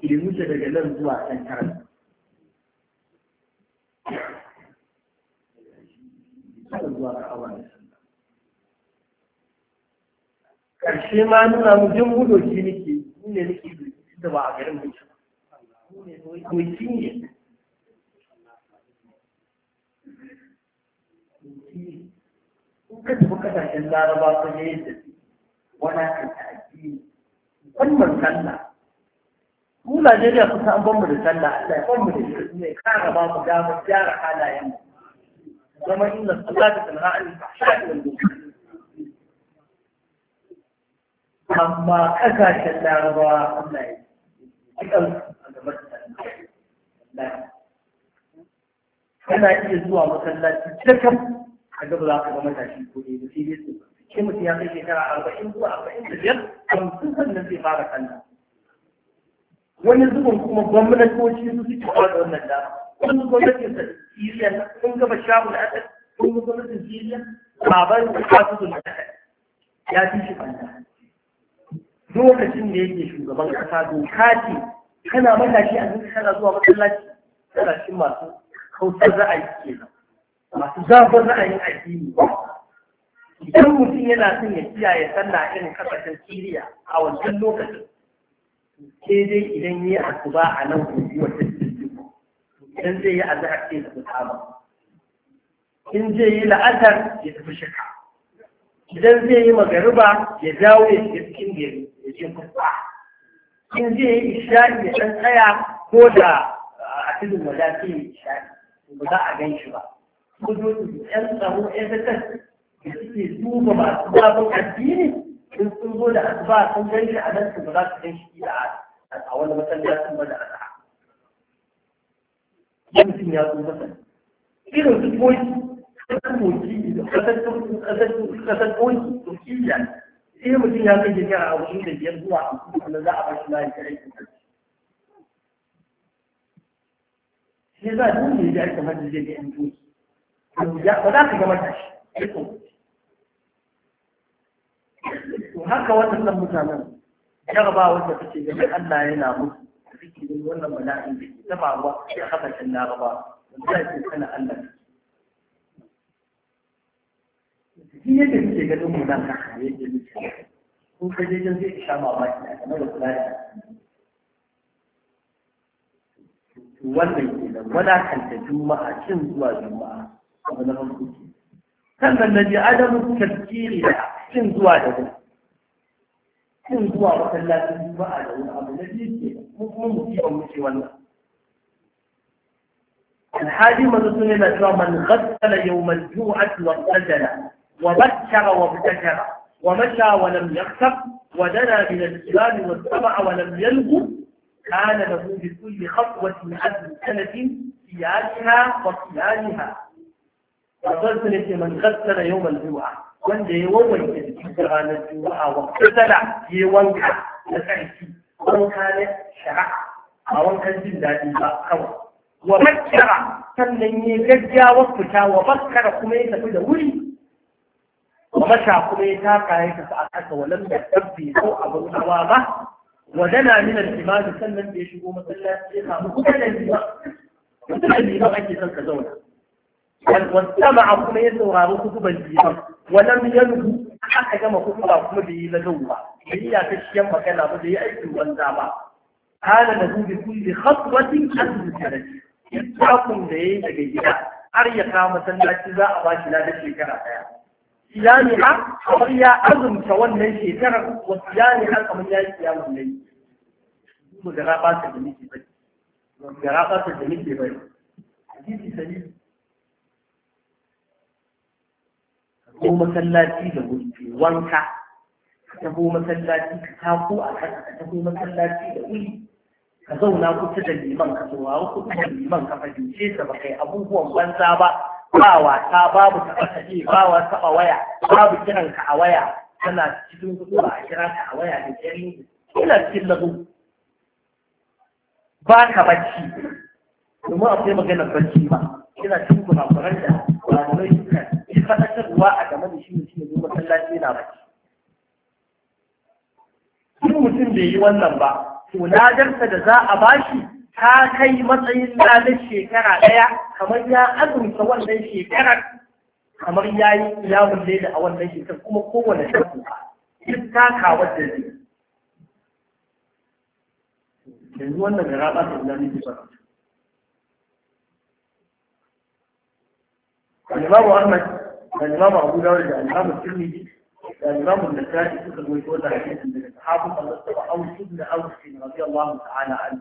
ke wuce daga nan zuwa kan karan ƙarshe ma nuna mu jin gudu shi nake ne nake da ba a garin mutum doki ne in ka tafi kasashen laraba ka ga yadda wani ta addini musamman sallah mu Najeriya kusa an banmu da sallah Allah ya banmu da shi ne kara ba mu da mu gyara halayen mu zama inda sallah ta tana an fahsha da amma kasashen larabawa Allah ya yi a gaban sallah kana iya zuwa masallaci cikakken a gaba za ka ga matashi ko ne da sai dai su sai mutum ya kai shekara arba'in zuwa arba'in da biyar hamsin sannan zai fara kalla wani zubin kuma gwamnatoci su suke ba da wannan dama wani gwamnatin sa siriya na kun gaba na asad kun ga gwamnatin siriya labarin da ta su da ya fi shi banda lokacin da yake shugaban ƙasa, doka ce kana matashi a duk kana zuwa masallaci kana cikin masu kausar ra'ayi kenan masu zafin ra'ayin addini ba idan mutum yana son ya kiyaye sallah irin kasashen Siriya a wancan lokacin sai dai idan yi asuba a nan gobe wata idan zai yi azhar sai ya tafi saba in zai yi la'atar ya tafi shaka idan zai yi magariba ya dawo ya shiga cikin gari ya je kusa in zai yi isha'i ya ɗan tsaya ko da ah, a cikin wadatai ya isha'i ba za a gan shi ba. Kudu 'yan tsaro 'yan zakas da suke duba masu zafin addini in sun zo da asuba sun gan shi a nan su ba za su gan shi a wani masallacin ba da azhar mutum ya zo masa irin su koyi kasar koki kasar koki turkiyya sai mutum ya kai jirgin a wajen da biyar zuwa a kuma za a bashi layi ta aikin sai za a duk ne yi kamar da zai ga yan doki ba za ka gama tashi aikin to haka waɗannan mutanen jaraba wanda suke ganin Allah yana musu suke ganin wannan bala'in da ke zama ruwa a haka can laraba wanda ya ce kana Allah shi yadda suke ganin mu nan haka yadda muke ko kaje jan zai sha mamaki a game da kula da wannan kenan wadakanta juma'a cin zuwa juma'a abu na sannan na je adamu tafkiri da cin zuwa da gudu yin zuwa masallacin juma'a da wani abu na biyu ke kuma mu ci mu wannan من من غسل يوم الجوعة واغتسل وبكر وابتكر ومشى ولم يخسف ودنا من الإسلام والسمع ولم يلغو كان له بكل خطوة عدل سنة سيادها وصيامها فضلت من غسل يوم الجوعة wanda ya wawanke jikin ranar juma'a wata kasala ya wanka na tsarki wanka na shara'a a wankan jin daɗi ba kawai wa bakkara sannan ya gaggawa fita wa bakkara kuma ya tafi da wuri wa masha kuma ya taka ya tafi a ƙasa wa lam tafi ko abin hawa ba wa dana min al sannan da ya shigo masallaci ya samu kuka da liman kuka da ake son ka zauna wani abu kuma ya saurari kuku ban yi ban wani yanzu aka gama kuku kuma bai yi na zan ba ta shiyan magana ba bai yi aiki wanda ba kana da kuma kun bi hasuwatin arzikin yakun da ya yi daga gida har ya kama sallaci za a ba shi na shekara daya siyani ha ya azumta wannan shekarar ko siyani ha ya yi siyamun nan yi ko da rabata da ko masallaci da wuri wanka ka taho masallaci ka tako a kan ka taho masallaci da wuri ka zauna kusa da liman ka saurari kusa da liman ka fahimce sa ba kai abubuwan banza ba ba wasa babu taɓa taɓe ba wasa a waya babu kiran ka a waya kana cikin kuɗi ba a kira ka a waya da jari ina cikin lagu ba ka bacci domin akwai maganar bacci ba Kina cikin kurakuran da malamai Ba a game da shi mutum ya masallaci na baki. duk mutum bai yi wannan ba to ladarsa da za a bashi ta kai matsayin ladar shekara ɗaya kamar ya azumta wannan shekarar kamar ya yi yawon laida a wannan shekarar kuma kowane shekaru duk kawar da zai yanzu wannan da raba da ina nake ba al Ahmad الإمام أبو داود الإمام الترمذي الإمام النسائي كتب ويقول حديث من الصحابة الله تبع أوس بن أوس رضي الله تعالى عنه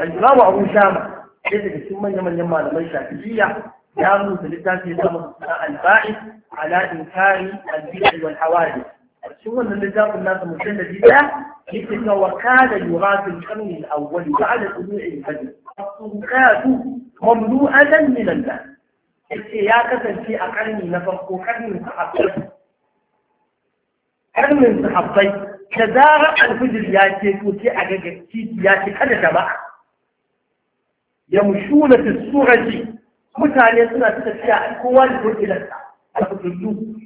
الإمام أبو شامة كتب ثم يمن يما لمن شافعية في بلسان الباعث على إنكار البدع والحوادث ثم النجاب الناس مجلد لا يتك وكان يرى في القرن الأول بعد طلوع الفجر الطرقات مملوءة من الناس yace ya kasance a karni na farko karnin sahabbai karnin sahabbai da zarar alfijir ya ce to sai a ga titi ya ce kada jama'a yamshuna fi surati mutane suna ta tafiya kowa da kokilarsa a fitullu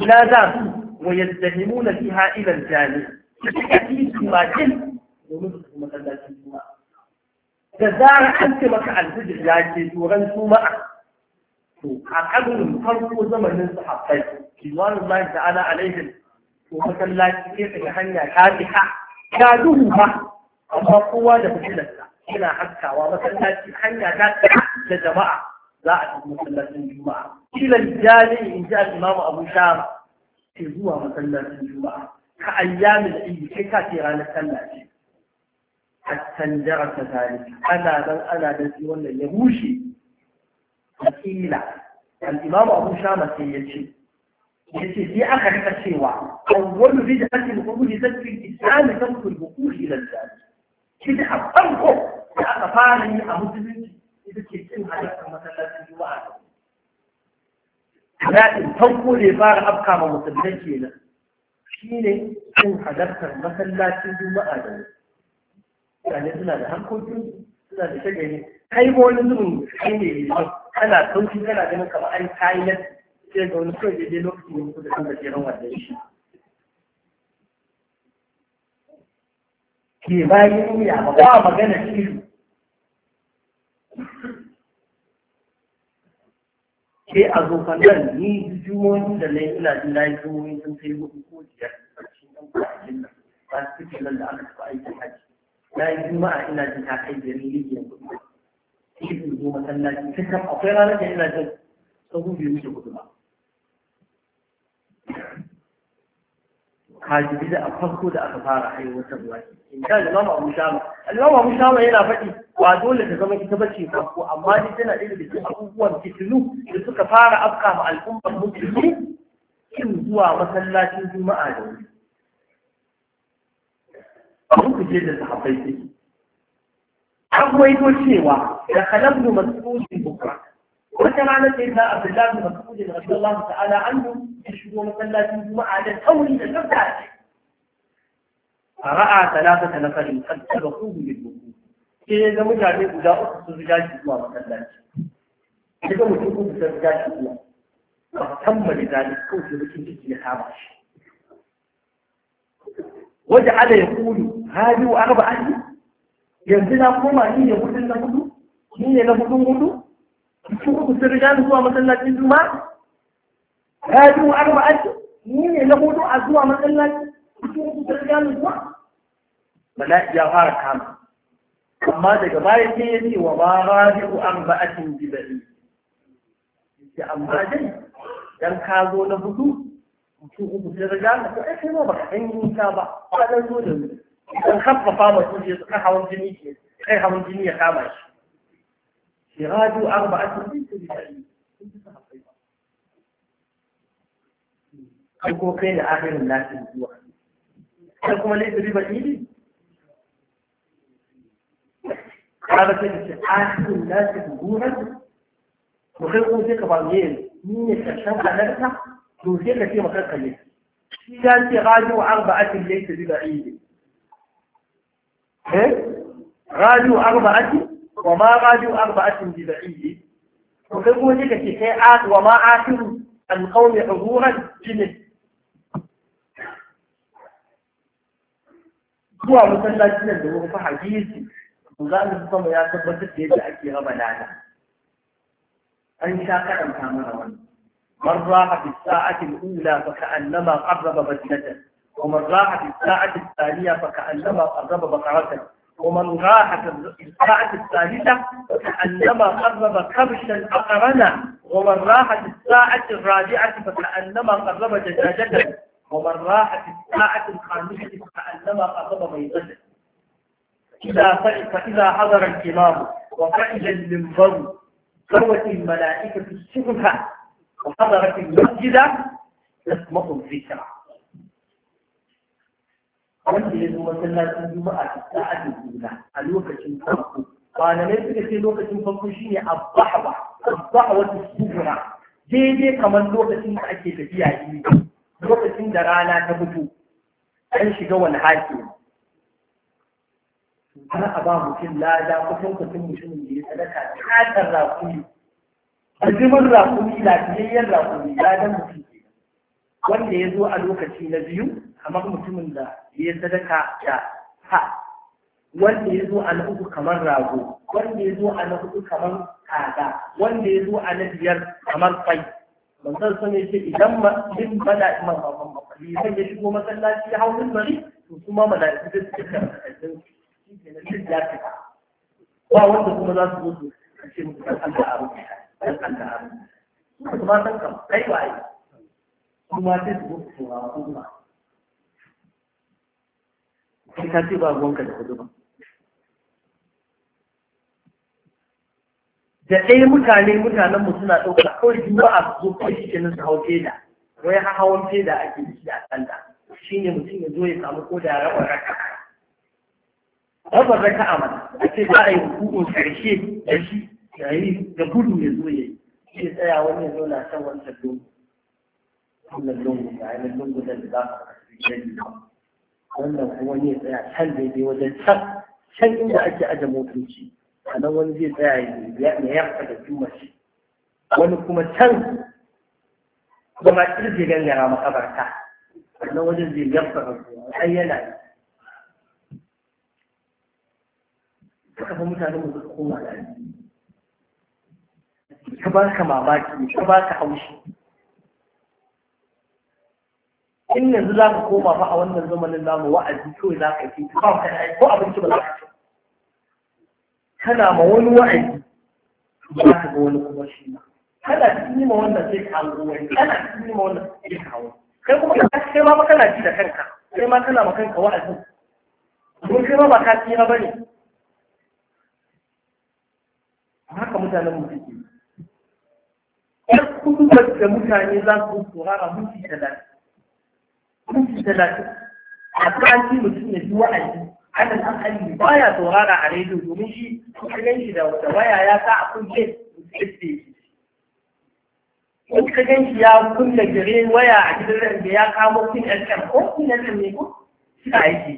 ila za su wa yazdahimuna fiha ila aljani suka fi su bakin domin su kuma masallacin juma'a da zarar an ce maka alfijir ya ce to ran juma'a to a karin farko zamanin sahabbai kiwanin lahi ta'ala alaihim to masallaci sai daga hanya ta fita ta duhu ba amma kowa da fitilarsa yana haskawa masallaci hanya ta fita da jama'a za a tafi masallacin juma'a kilan jari in ji al-imamu abu shama ke zuwa masallacin juma'a ka ayyamin idi kai ka ce ranar sallah ce hatta jarata zalika ana nan ana da wannan ya rushe wakila al-imam abu shama sai ya ce ya ce sai aka rika cewa awwalu bid'atin uhdidat fil islam tarku al-buqul ila al-jahil bid'a farko da aka fara yi a musulunci ita ce cin halittar masallacin juma'a daɗin farko da ya fara afka ma musulmai kenan shi ne cin halartar masallacin juma'a da mutane suna da harkokin suna da shagari kai ma wani zubin kai ne ya Ana sauki kana ganin kamar an kayi na sai ga wani kawai daidai ne yanku da kan gajeren wannan shi ke bayan ya ba ba magana shiru Ke a zo fannan ni jumoyi da na ina jin na yi jumoyi sun kai hudu ko biyar ƙarshen ɗan kwanakin nan ba su nan da aka taɓa aikin na yi juma'a ina jin ta kai ni ne yanzu sai in zo masallaci cikin akwai ranar da ina jin sahu bai wuce hudu ba kaji bida a farko da aka fara aiwatarwa in ka limamu abu shama limamu abu shama yana faɗi wa dole ta zama ita bace farko amma ni tana ɗaya daga cikin abubuwan fitilu da suka fara afka ma al'ummar musulmi kin zuwa masallacin juma'a da wuri abin ku je da sahabbai suke an waito cewa إذا خلفنا مسؤول بكرة وأنت معنى سيدنا عبد الله بن مسعود رضي الله تعالى عنه يشهد ومصلى في الجمعة على الفور إذا لم فرأى ثلاثة نفر قد سبقوه بالبكور إذا لم يجعلوا إذا أخذوا الرجال في الجمعة مصلى إذا لم يجعلوا في الرجال في الجمعة فاهتم لذلك كوت لكي تجي حرش وجعل يقول هذه أربعة ينزل قوما هي يقول لنا ni ne na hudun hudu cikin uku sun riga zuwa masallacin juma ya ji wa arba'ati ni ne na hudu a zuwa masallaci cikin uku sun riga zuwa bala'i ya fara kama amma daga bayan sai ya ce wa ba rabi'u arba'atin jibali ya amma dai dan ka zo na hudu su ku sun riga na eh, ko ai sai ma ba san yin ka ba ka dan zo da wuri dan haffafa mutum ya tsaka hawan jini ke kai hawan jini ya kama shi شراج أربعة سنين أو كوكين آخر الناس الجوع ليس ببعيد قالت آخر الناس الجوع وخلقوا ذيك بعضين مين يتشفى نفسه توزيل في مكان قليل كان أربعة ليس ببعيد إيه؟ غادوا أربعة وما غادوا أربعة جذعية وكبوا لك تحيات وما آخر القوم حضورا جنس هو مثلا جنس هو فحا جيزي وقال لهم يا سبت السيد لأكي غبنا لا أنشا قدم كامرون من راح في الساعة الأولى فكأنما قرب بجنته ومن راح في الساعة الثانية فكأنما قرب بقرته ومن راح في الساعة الثالثة فكأنما قرب كبشا أقرنا ومن راح في الساعة الرابعة فكأنما قرب دجاجة ومن راح في الساعة الخامسة فكأنما قرب بيضة إذا فإذا حضر الإمام وفعل المنبر سوت الملائكة السفهة وحضرت المسجد تسمع الذكرى wanda ya zo masallacin juma'a a sa'adin juna a lokacin farko malamai suka ce lokacin farko ne Abba a ta sura daidai kamar lokacin da ake tafiya yi lokacin da rana ta fito an shiga wani haƙi ana a ba mutum lada kusan kusan mutumin da ya sadaka katar rakumi azumin rakumi lafiyayyen rakumi ladan mutum wanda ya zo a lokaci na biyu kamar mutumin da ya sadaka da ha wanda ya zo a na uku kamar rago wanda ya zo a na hudu kamar kaga wanda ya zo a na biyar kamar kwai manzon sun ya ce idan din bala imam babban liman ya shigo masallaci ya hau bari to kuma mala'iku da suke karɓar shi ke na shi ya fita ba wanda kuma za su zo su ce musu kan Allah a rubuta kan Allah a rubuta su kuma san kam kai waye kuma sai su zo su tura kuma sai ka ce ba ruwanka da kudu ba da ɗaya mutane mutanen mu suna ɗauka kawai duk ba a zo kawai shi kenan su hau feda wai ha hawan feda ake da shi a Shi ne mutum ya zo ya samu ko da rawa raka rawa raka a mana, a ce za a yi hukun karshe da shi yayi da gudu ya zo ya yi shi tsaya wani ya zo na san wancan lungu wannan lungu ga ainihin lungu da za ka kasance wannan kuma ne tsaya can daidai wajen can can inda ake aje motoci a nan wani zai tsaya ya yarka da jumashi wani kuma can kuma kirje gangara makabarta a nan wajen zai yarka da har yana yi. suka fi mutane mu suka koma da ka ba ka mamaki ka ba ka haushi in yanzu za ka koma fa a wannan zamanin namu wa'azi kawai za ka yi ba ka da ko abinci ba za ka ci kana ma wani wa'azi ba ka ga wani kuma shi ma kana cikin yi ma wannan sai ka hango wani kana cikin yi ma wannan sai ka hango kai kuma ka kai ma kana ji da kanka kai ma kana ma kanka wa'azi mun kai ma ba ka ci ba ne haka mutanen mu suke yar kudu da mutane za su saurara mutu da talatin minti talatin a kashi mutum ya ji wa'azi anan hankali ba ya saurara a rediyo domin shi kusurin shi da waya ya sa a kulle yadda in ka gan shi ya kunna gare waya a gidan ran da ya kamo kin FM ko kin FM ne ko kika aiki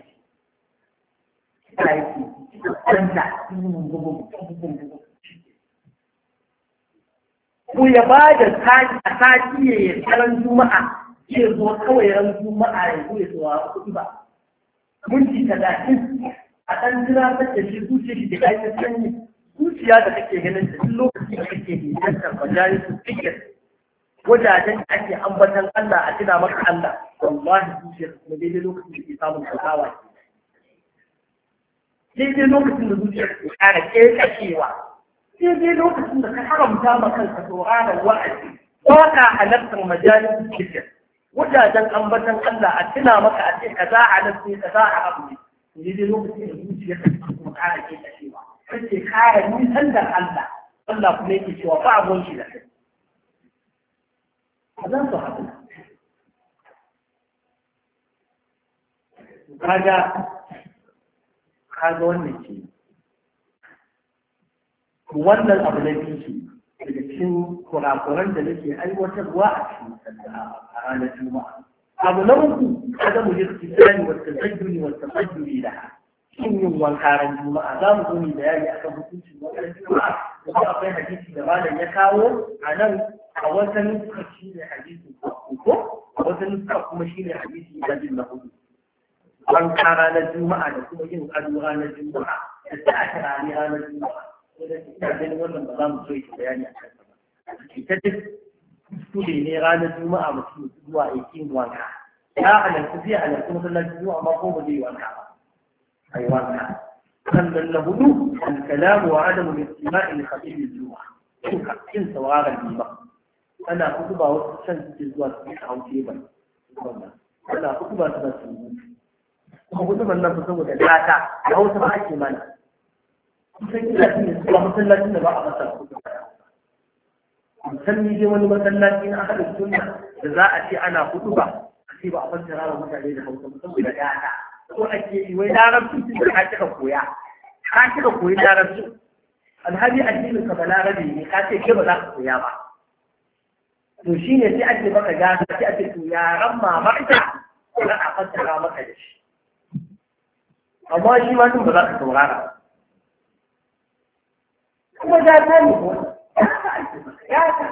kika aiki kanta ku ya ba da sati a sati ya yi juma'a zai zo kawai ran juma'a ya zo ya tsawa kuɗi ba ta talatin a ɗan jira ta ce shi zuciya shi da ta sanyi zuciya da kake ganin da duk lokacin da kake hijantar majalis fikir wajajen da ake ambatan Allah a tuna maka Allah wallahi zuciyar kuma daidai lokacin da ke samun shakawa daidai lokacin da zuciyar ke ƙara ƙe ƙeƙashewa daidai lokacin da ka haramta ma kanka sauraron wa'azi ba ka halartar majalisun fikir wajajen ambatan Allah a tuna maka a ce kaza a lafi kaza a abu ne dai lokacin da zuciyar ka kuma kara ke ta cewa kace kara nisan da Allah Allah kuma yake cewa ba abun shi da kai ba za su haɗu kaga kaga wannan ce wannan abu na biyu daga cikin kurakuran da nake aiwatarwa a cikin sallah a ranar juma'a abu na uku kada mu jirki tsani wata tajjuri wata tajjuri da shin yin wanka ran juma'a za mu zo mu bayani akan hukuncin wankan juma'a da akwai hadisi da malam ya kawo a nan a wata nuska shi ne hadisi ko a wata nuska kuma shi ne hadisi na jin na hudu wanka ranar juma'a da kuma yin ado ranar juma'a da ta aka ranar juma'a ina ganin wannan ba za mu so yi bayani a kansa ba a cikin ta duk kuskure ne ranar juma'a mutum zuwa aikin wanka ya halarci zai halarci masallacin juma'a amma ko ba zai wanka ba ai wanka sannan na hudu alkalamu wa adamu istima'il khatimil juma'a shuka cin sauraron liman ana hudu ba wasu can suke zuwa su yi hau tebal ana hudu ba su ba su yi kuma hudu nan saboda lata da hausa ba ake mana kusan ina cin zuwa masallacin da ba a masa musamman je wani masallaci na ahalin sunna da za a ce ana hudu ba a ce ba a fassara wa mutane da hausa musamman da yada ko a ake yi wai larabci tun da ka kika koya ka kika koyi larabci alhali addinin ka balarabe ne ka ce ke ba za ka koya ba to shi ne sai ake baka gasa sai ake to yaran mamarta ko za a fassara maka da shi amma shi ma sun ba za ka saurara ba kuma da ta ne ba ya ta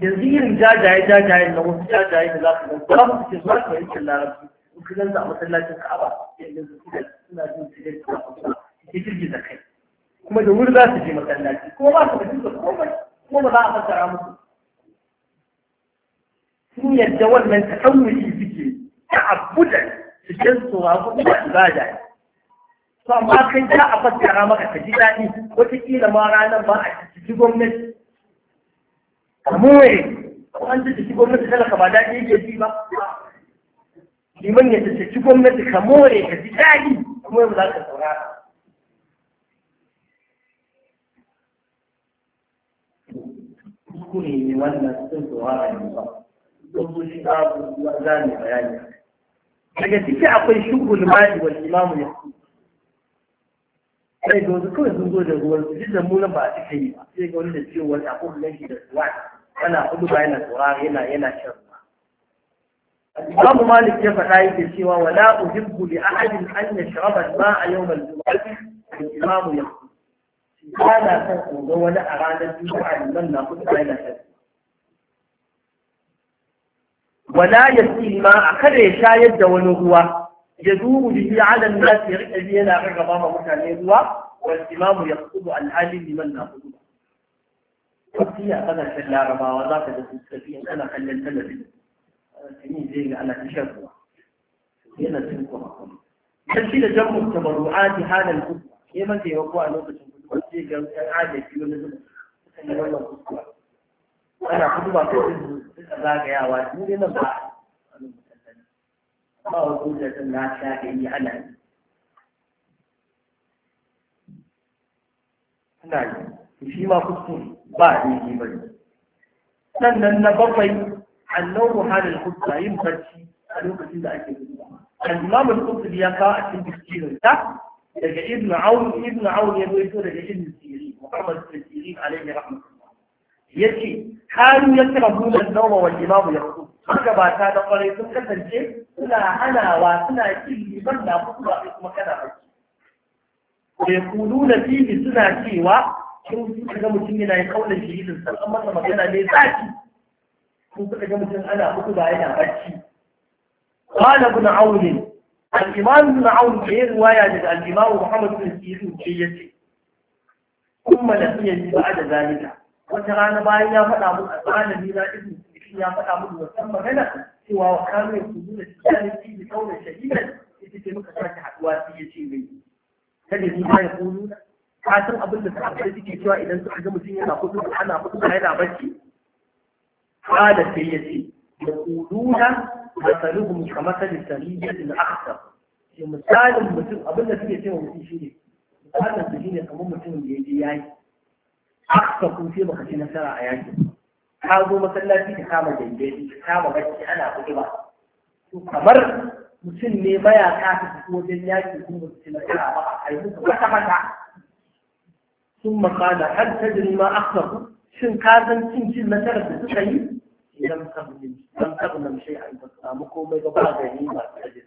yanzu irin jajaye jajaye na wasu jajaye da za su gan ba su ce za ka yankin larabci in ka gan a masallacin ka'aba yanzu su da suna jin su da su da su da kai kuma da wuri za su je masallaci kuma ba su da duka komai kuma ba za a fassara musu sun yadda wannan ta ɗan suke ta abudan su jinsu wa kuma ibada ne to amma kan za a fassara maka ka ji daɗi wataƙila ma ranar ba a ciki gwamnati kamuwe an ta ciki gwamnati talaka ba daɗi yake ji ba liman ya ta ciki gwamnati kamuwe ka ji daɗi kuma yau za ka saurara kuskure ne wannan sun tsawara ne ba don zo shi za mu bayani daga ciki akwai shugul mali wal imamu ya fi. sai ga wasu kawai sun zo da ruwan su duk da mu nan ba a cika yi ba sai ga wani da ciwo wani abu da shi da ruwa yana hudu ba yana tsora yana yana shan ruwa Imam Malik ya faɗa yake cewa wala uhibbu li ahadin an yashraba al-ma'a yawm al-jum'ati al-imam yaqul na san ko ga wani a ranar juma'a nan na hudu ba yana shan wala yasi ma a kada ya sha yadda wani ruwa يدور به على الناس الذي ينا الرضام متنيزوا والإمام يقصد العالم لمن هذا وفيها أنا كلا ربا وذاك السفينه أنا كلا في سنين زي على تشبه هنا تنكر أقول هل كده جمع التبرعات هذا الكتب هي ما في وقوع نقطة وزي قال عادي في يوم أنا خطبة في الأذاق يا واد مو لنا بعد قال قلت سمى الشافعي على نعم فيما قلت بعد يجيبني لأن النبطي عن نور حال الخطة يمتلش الوقت إذا أكيد الإمام الخطة ليقاء تنبسكين لك لك ابن عون ابن عون يقول لك ابن السيرين محمد السيرين عليه رحمة الله يتي حال يترمون النوم والإمام يقول magabata da kwarai sun kasance suna hanawa suna ci liban da kuma ba su kuma kada bai kuma ya kudu na fili suna cewa kin suka ga mutum yana yi kaunar shirin sannan masa magana ne zaki kun suka ga mutum ana mutu ba yana barci kwana guna aure al'imam guna aure da ya ruwaya daga al'imam muhammad bin sirri ce ya ce kuma da su ba a da zalika wata rana bayan ya faɗa mu a nina ibn shi ya faɗa muku wannan magana cewa wa kanu ya kuzu da tijaniki da kaunar shahidan ita ce muka sake haɗuwa sai ya ce mai kada ni ma ya kuzu na ka san abin da sahabbai suke cewa idan suka ga mutum yana kudu ana kudu yana bacci kada sai ya ce da kuluna masaluhum ka masalin sariyatin akhtar shi misalin mutum abin da suke cewa mutum shi ne misalin su shi ne kamar mutum da ya yaki. yayi akhtar kun sai baka ci nasara a yakin Ka zo masallaci ta kama janjani ta kama bacci ana kuɗi ba to kamar mutum ne baya ka ta fito wajen yaƙi kuma su ci nasara ba a kai musu kwata mata. sun da har ta jini ma aksaru shin ka san cin cin nasarar da suka yi idan kan taɓa nan a an ba samu komai ba ba gani ba ta je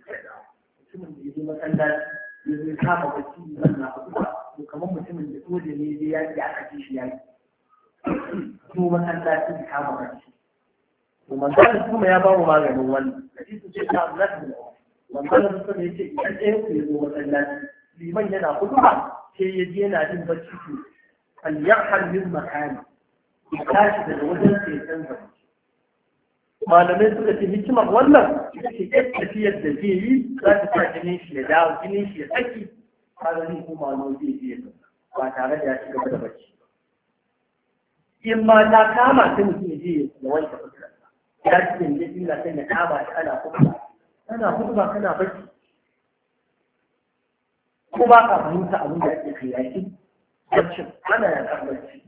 mutumin da ya zo masallaci ya zo kama bacci na kuɗi ba to kamar mutumin da soja ne ya yi aka ci shi yaƙi kuma sallacin kama kanshi to manzalin kuma ya ba mu maganin wannan hadisin ce ta Allah bin manzalin kuma ya ce idan ɗaya ku ya zo masallaci liman yana kuduba sai ya je yana jin bacci to falyarhal min makani ya tashi daga wajen sai ya canza malamai suka ce hikimar wannan ita ce yan tafiyar da zai yi za ta sa jinin shi ya dawo jinin shi ya saki kaga zai koma wani zai je ba tare da ya ci gaba da bacci in ma ta kama ta mutum zai yi da wanke fuskar ya ce ne illa sai na kama shi ana kuka ana kuka kana bacci ko ba ka fahimta abin da ake kai yaki baccin ana ya kan bacci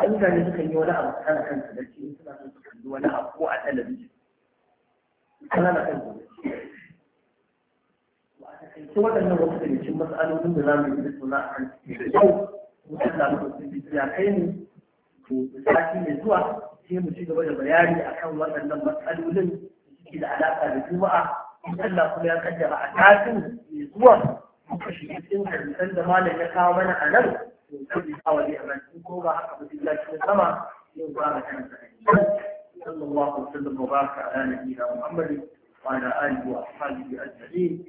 an gane suka yi wani abu kana kan su bacci in suna son su kalli wani abu ko a talabijin kana na kan su bacci ta waɗannan wasu daga cikin matsalolin da za mu yi da suna a kan su yau mutane da su ya kai ne to sati mai zuwa sai mu ci gaba da bayani akan waɗannan matsalolin suke da alaƙa da juma'a in Allah kuma ya kaddara a tashin mai zuwa muka shiga cikin hadisan da malam ya kawo mana a nan to mu kawo da yaran ko ba haka mutum ya sama yau ba ga kan صلى الله وسلم وبارك على نبينا محمد وعلى اله واصحابه اجمعين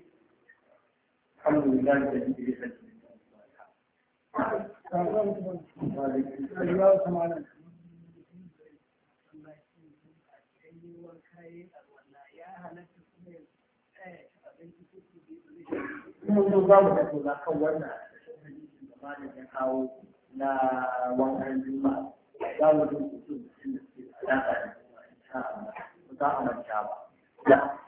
الحمد لله الذي بنعمته Kuma zo za mu da kula kan wannan da malin ya kawo na wankan juma'a da suke da a manta ba. Ya.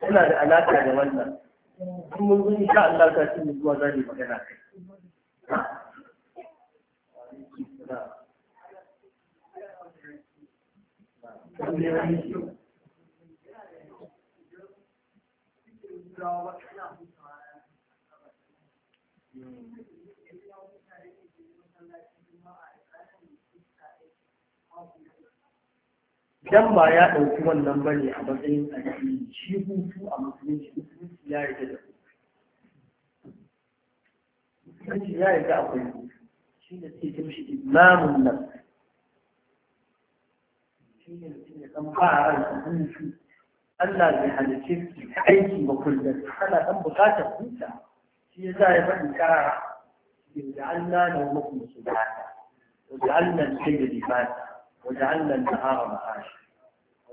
Ana da alaƙa da wannan. In mun Allah ta zuwa za mu magana kai. Thank you. dan ba ya ɗauki wannan bane a matsayin addini shi hutu a musulunci hutu ya yi da musulunci ya da akwai hutu shi ne sai ta mishi imamun nan shi ne mutum ya san ba a hutu Allah bai halice ki aiki ba kullum Kana dan buƙatar huta shi ya sa ya faɗi kara da Allah na muku su da haka da Allah sai da ta. وجعلنا النهار معاشا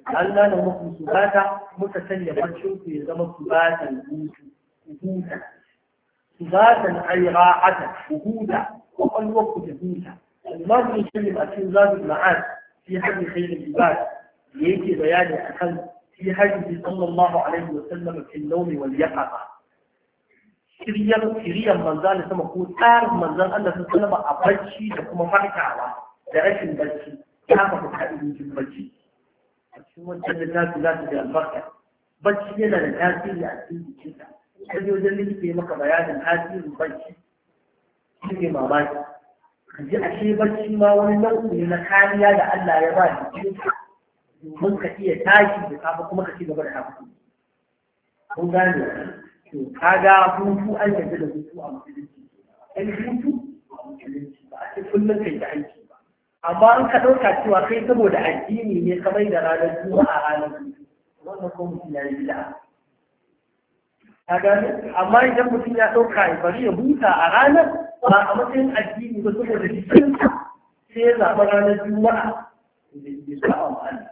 وجعلنا لهم سباتا متسلما شوفوا يزم سباتا وجودا سباتا اي راحه شهودا وقل وقت جهودا الإمام ابن سلم أكيد زاد المعاد في حد خير العباد يجي بيان أكل في حديث صلى الله عليه وسلم في النوم واليقظة كريان كريان منزل سما كو تار منزل الله صلى الله عليه وسلم أبشي لكم فركعوا da rashin barci ta ba ku ka'idojin bacci a cikin wancan littafi za su ga albarka bacci yana da tasiri a cikin jikinka sai wajen likita ya maka bayanin tasirin bacci shi ne mamaki ka ji ashe bacci ma wani nau'i ne na kariya da Allah ya ba jikinka domin ka iya tashi da safe kuma ka ci gaba da hafi kun gane to kaga hutu an yanzu da hutu a musulunci ɗan hutu a musulunci ba a ce kullum kai da aiki amma an ka ɗauka cewa kai saboda addini ne ka mai da ranar juma'a ranar wannan ko mutum ya yi bid'a a gane amma idan mutum ya ɗauka ya bari ya huta a ranar ba a matsayin addini ba saboda jikinsa sai ya zaɓi ranar juma'a da ya saba ma Allah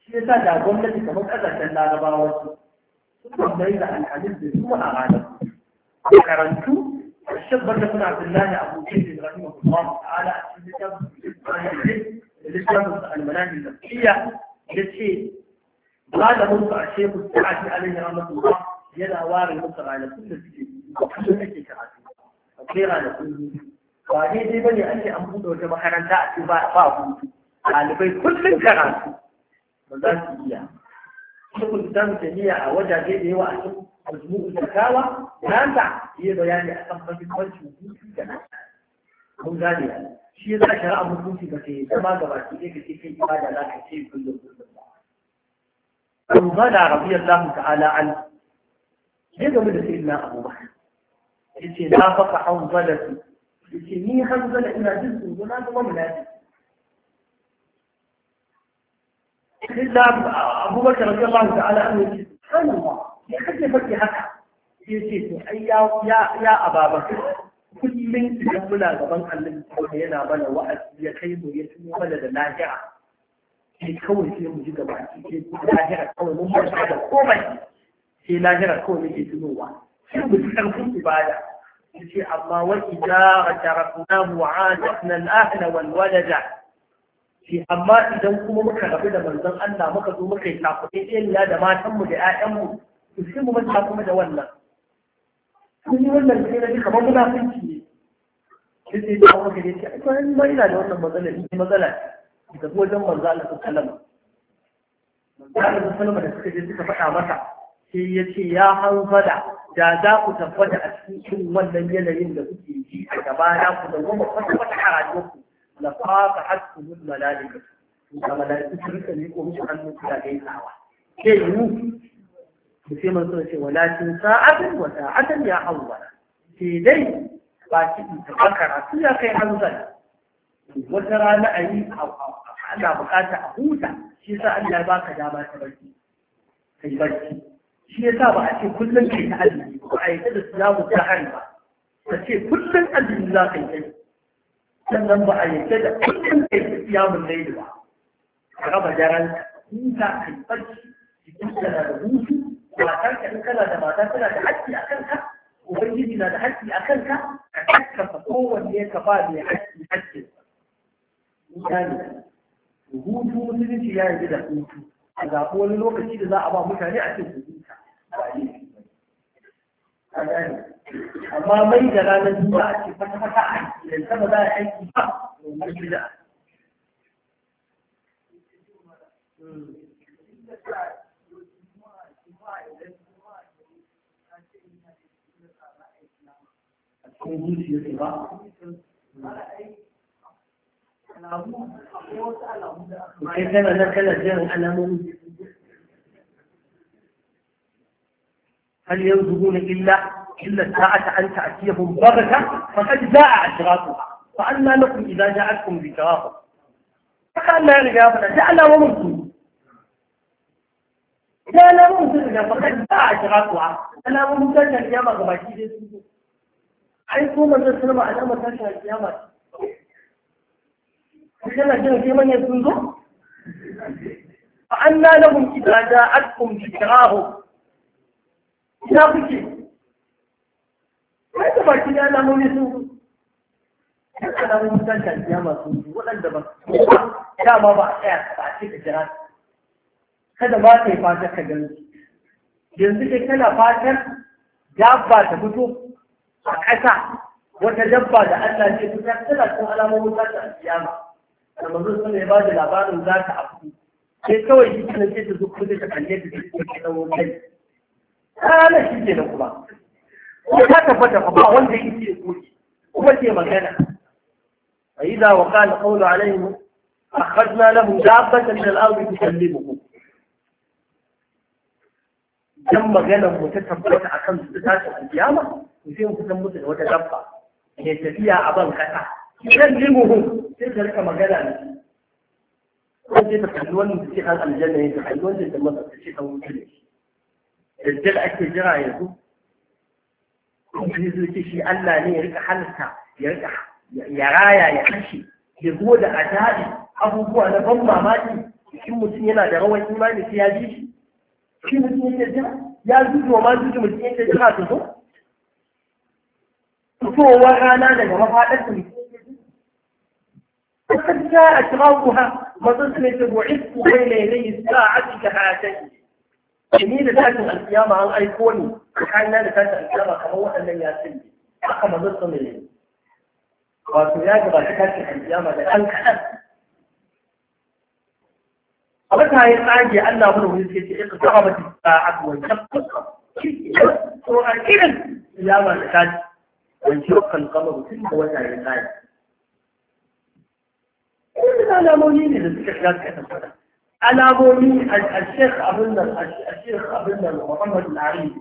shi ya sa da gwamnati kamar ƙasashen larabawa su suka mai da alhalin da juma'a ranar makarantu الشيخ بن عبد الله ابو جيد رحمه الله تعالى الاسلام المناهج النفسيه يشي قال موقع الشيخ السعدي عليه رحمه الله يلا واري مصر على كل شيء وكل شيء كعادي غير على كل ba daidai ba ne ake an buɗe wata makaranta a ce ba hutu ɗalibai kullum karatu ba za su iya. Shukun مجموع الفتاوى نافع هي بيان احكام فقه الوجه وجود الجنة هو ذلك شيء ذا شرع مفهوم بس كما قبل كده كتير عبادة لا كتير كله أبو غدا رضي الله تعالى عنه هذا من سيدنا أبو بكر يتي لا فقه حنظلتي يتي ني حنظلة إلى جزء ولا ضمنا إلا أبو بكر رضي الله تعالى عنه سبحان الله me kake faɗi haka sai ce to ai ya ya ababa kullum idan muna gaban Allah ko yana mana wa'azi ya kai mu ya tuno mana da lahira sai kawai sai mu ji gaba sai lahira kawai mun bar da komai sai lahira kawai muke tunowa sai mu ji karfin ibada yace amma wa idza taraknahu adatna al-ahla wal walada shi amma idan kuma muka rabu da manzon Allah muka zo muka yi tafi ɗaya da matanmu da 'ya'yanmu sai mu ta kuma da wannan kun yi wannan sai na ji kamar munafunci ne sai sai da kuma gare shi to in ma da wannan matsala ni matsala ce da wajen manzo Allah sallallahu alaihi wasallam da suka je suka faɗa masa sai ya ce ya hanzala da za ku tabbata a cikin wannan yanayin da kuke ji a gaba na ku da goma kwata-kwata a rayuwarku la fata hatta mun mala'ika da mala'ika su rika ne ko musu hannu suna gaisawa ke yi to sai manzo ce walakin sa'atan wa sa'atan ya hawwa sai dai ba ki ta karatu ya kai hanzari wata rana a yi ana bukata a huta shi yasa Allah ya baka dama ta barci kai barci shi yasa ba a ce kullum kai ta azumi ko a yi ta islamu ta hari ba ka ce kullum azumi za ka yi sannan ba a yi ta da kullum kai ta siyamun laili ba ka raba daren huta kai barci jikin na da hutu Matan matanka in kana da mata tana da haƙƙi a kanka ubangiji na da haƙƙi a kanka ka kakkafa kowanne ka ba mai haƙƙi haƙƙin misali hutu musulunci ya yi da hutu a zaɓi wani lokaci da za a ba mutane a cikin hutunta amma mai da ranar zuwa a ce fata kwata a aiki sama za a aiki ba domin gida. Hmm. cikin zuciyarsa ba. Kai هل ينظرون إلا إلا الساعة أن تأتيهم بغتة فقد جاء أشراطها فأنا لكم إذا جاءتكم ذكراهم فقال لا يا رجال جعل ومركم mun su da fakan ba a shiga kuwa, mun mutan da kiyama ga baki da su. Ai ko manzo sallama alamar tashin alkiyama ce. Kana jin sai manyan sun zo? Fa anna lahum idza ja'atkum dhikrahu. Ina kuke? Ai da baki da alamomi sun zo. Kana alamomin tashin alkiyama sun zo waɗanda ba su dama ba a tsaya ba a ce ka jira su. kada ba ta yi fatar ka gani yanzu ke kana fatar dabba ta fito a ƙasa wata dabba da Allah ne fitar tana cikin alamomin za ta kiyama da manzo sun ne ba da labarin za ta afu sai kawai shi kenan sai ta zo kuma ta kalle ta cikin ɗan kai kana shi kenan kuma ko ta tabbata ba wanda yake ce koki kuma ce magana فإذا وقال القول عليهم أخذنا لهم دابة من الأرض تكلمهم dan magana mu ta tabbata akan su ta ta kiyama to sai mu san mutu da wata dabba ke tafiya a ban kasa idan hu sai ka rika magana ne ko sai ta kalli wannan da ke kan aljanna ne ta kalli wannan da masa ta ce kan wuce ne dajjal ake jira yanzu kuma su zuci shi Allah ne ya rika halitta ya rika ya raya ya kashi ya zo da ajali abubuwa na ban mamaki cikin mutum yana da rawan imani sai ya ji shi shi mutum yake jira ya zuwa ma zuwa mutum yake jira ta zo fitowar rana daga mafaɗar mutum وقد جاءت غوها وتصلت بعثت بين يدي الساعة كهاتين جميل ذات القيامة عن أيقوني كان ذات القيامة كهو أن ياسين حقا مضط من قالت يا جرى ذات القيامة لأنك أنت wata ya tsage Allah mana wani sai ce iqta rabat sa'at wa shaqqat to a irin ya ba ta tashi wa shaqqal qamar tun da wata ya tsage kullum alamomi ne da suka shiga suka tabbata alamomi al-sheikh abin nan al-sheikh abin nan Muhammad al-Arif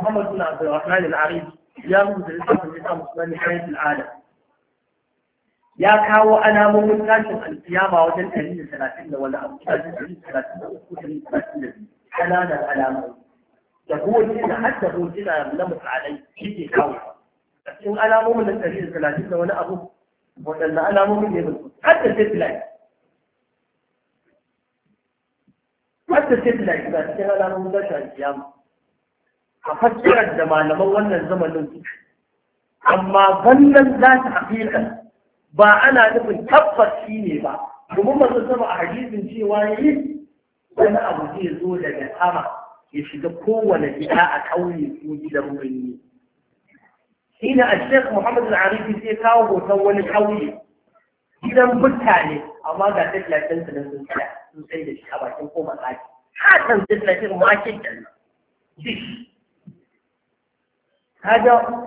Muhammad bin Abdul Rahman al-Arif ya rubuta littafin da ya samu sunan Hayat al-Alam ya kawo alamomin tashin alkiyama wajen ɗari da talatin da wani abu tashin ɗari da talatin da uku ɗari da talatin da biyu ƙananan alamomi da hotuna har da hotuna na misalai shi ke kawo a cikin alamomin da ɗari da talatin da wani abu waɗanda alamomin ne ba har da satellite har da satellite na cikin alamomin tashin alkiyama a fassarar da malaman wannan zamanin amma wannan za ta haƙiƙa ba ana nufin tabbas shi ne ba domin masu sama a hadisin cewa yi wani abu zai zo daga sama ya shiga kowane gida a ƙauye ko gidan birni ina a shek Muhammadu al-arifi sai kawo hoton wani ƙauye gidan mutane amma ga tafiyakin su nan sun tsaya sun tsaye da shi a bakin koma tsaki hatan tafiyakin makin da shi kaga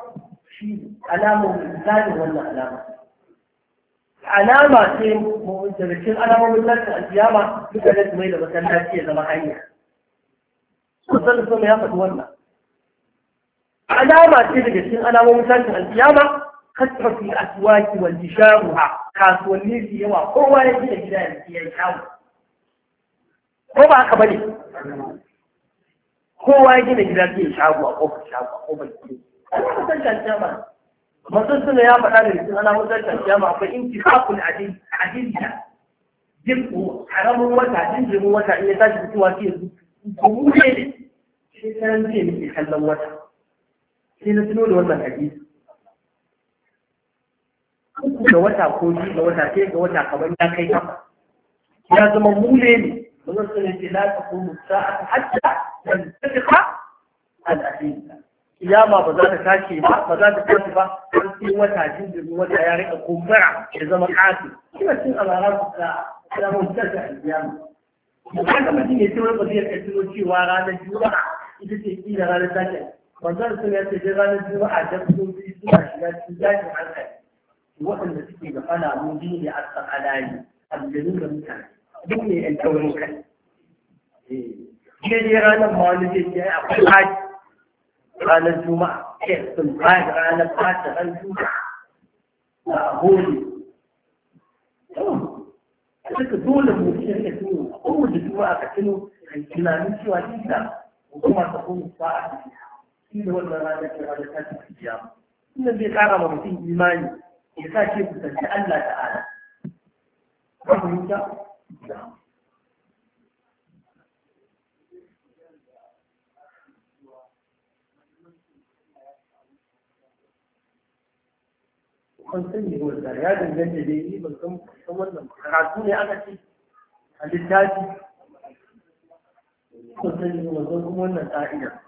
shi alamun zanen wannan alama alama ce daga cikin alamomin lantar alkiyama duka da su mai da masallaci ya zama hanya musamman sama ya faɗi wannan alama ce daga cikin alamomin lantar alkiyama kasar fi aswaki wal jisharuha kasuwanni su yawa kowa ya da gida ya ya shawo ko ba haka bane kowa ya gina gida ya shago a kofar shago a kofar gida alama san alkiyama manzon suna ya faɗa da cikin ana wajen tafiya ma akwai intifakun adiliya jirku haramun wata jinjirin wata in ya tashi fitowa sai yanzu kuma ne sai karan zai nake kallon wata sai na tuno da wannan hadisi uku ga wata ko biyu ga wata sai ga wata kamar ya kai kama. ya zama mule ne manzon suna ya ce la taqumu sa'atu hatta tantafiqa al-adiliya kiyama ba za ta tashi ba ba za ta tashi ba har sai wata jinjiri wata ya rika kumbura ya zama kafi kina cin alara ku ta da mun tsaka kiyama kaga mutum ya ce wani ba zai kaddaro cewa ranar juma'a ita ce da ranar tashi manzon sun ya ce ranar juma'a da shi suna shiga cikin jakin hankali waɗanda suke da fana mun biyu ne a alayi aljanu da mutane duk ne yan taurin kai. Gidai eh, ranar ma wani zai ce akwai haji ranar juma'a shek eh, sun bada ranar fata ran juma'a na holi suka dole mu shirya tuno a kowace juma'a ka tuno kai tunanin cewa ita hukuma ta kuma sa'a shi ne wannan ranar ke ranar ta ci kiyama Ina zai kara ma mutum imani ya sa ce kusanci Allah ta'ala. Ba mu yi ban sani ba wanda ya danganta da yi ban san san wannan karatu ne aka ce a littafi ban sani ba ban kuma wannan ka'ida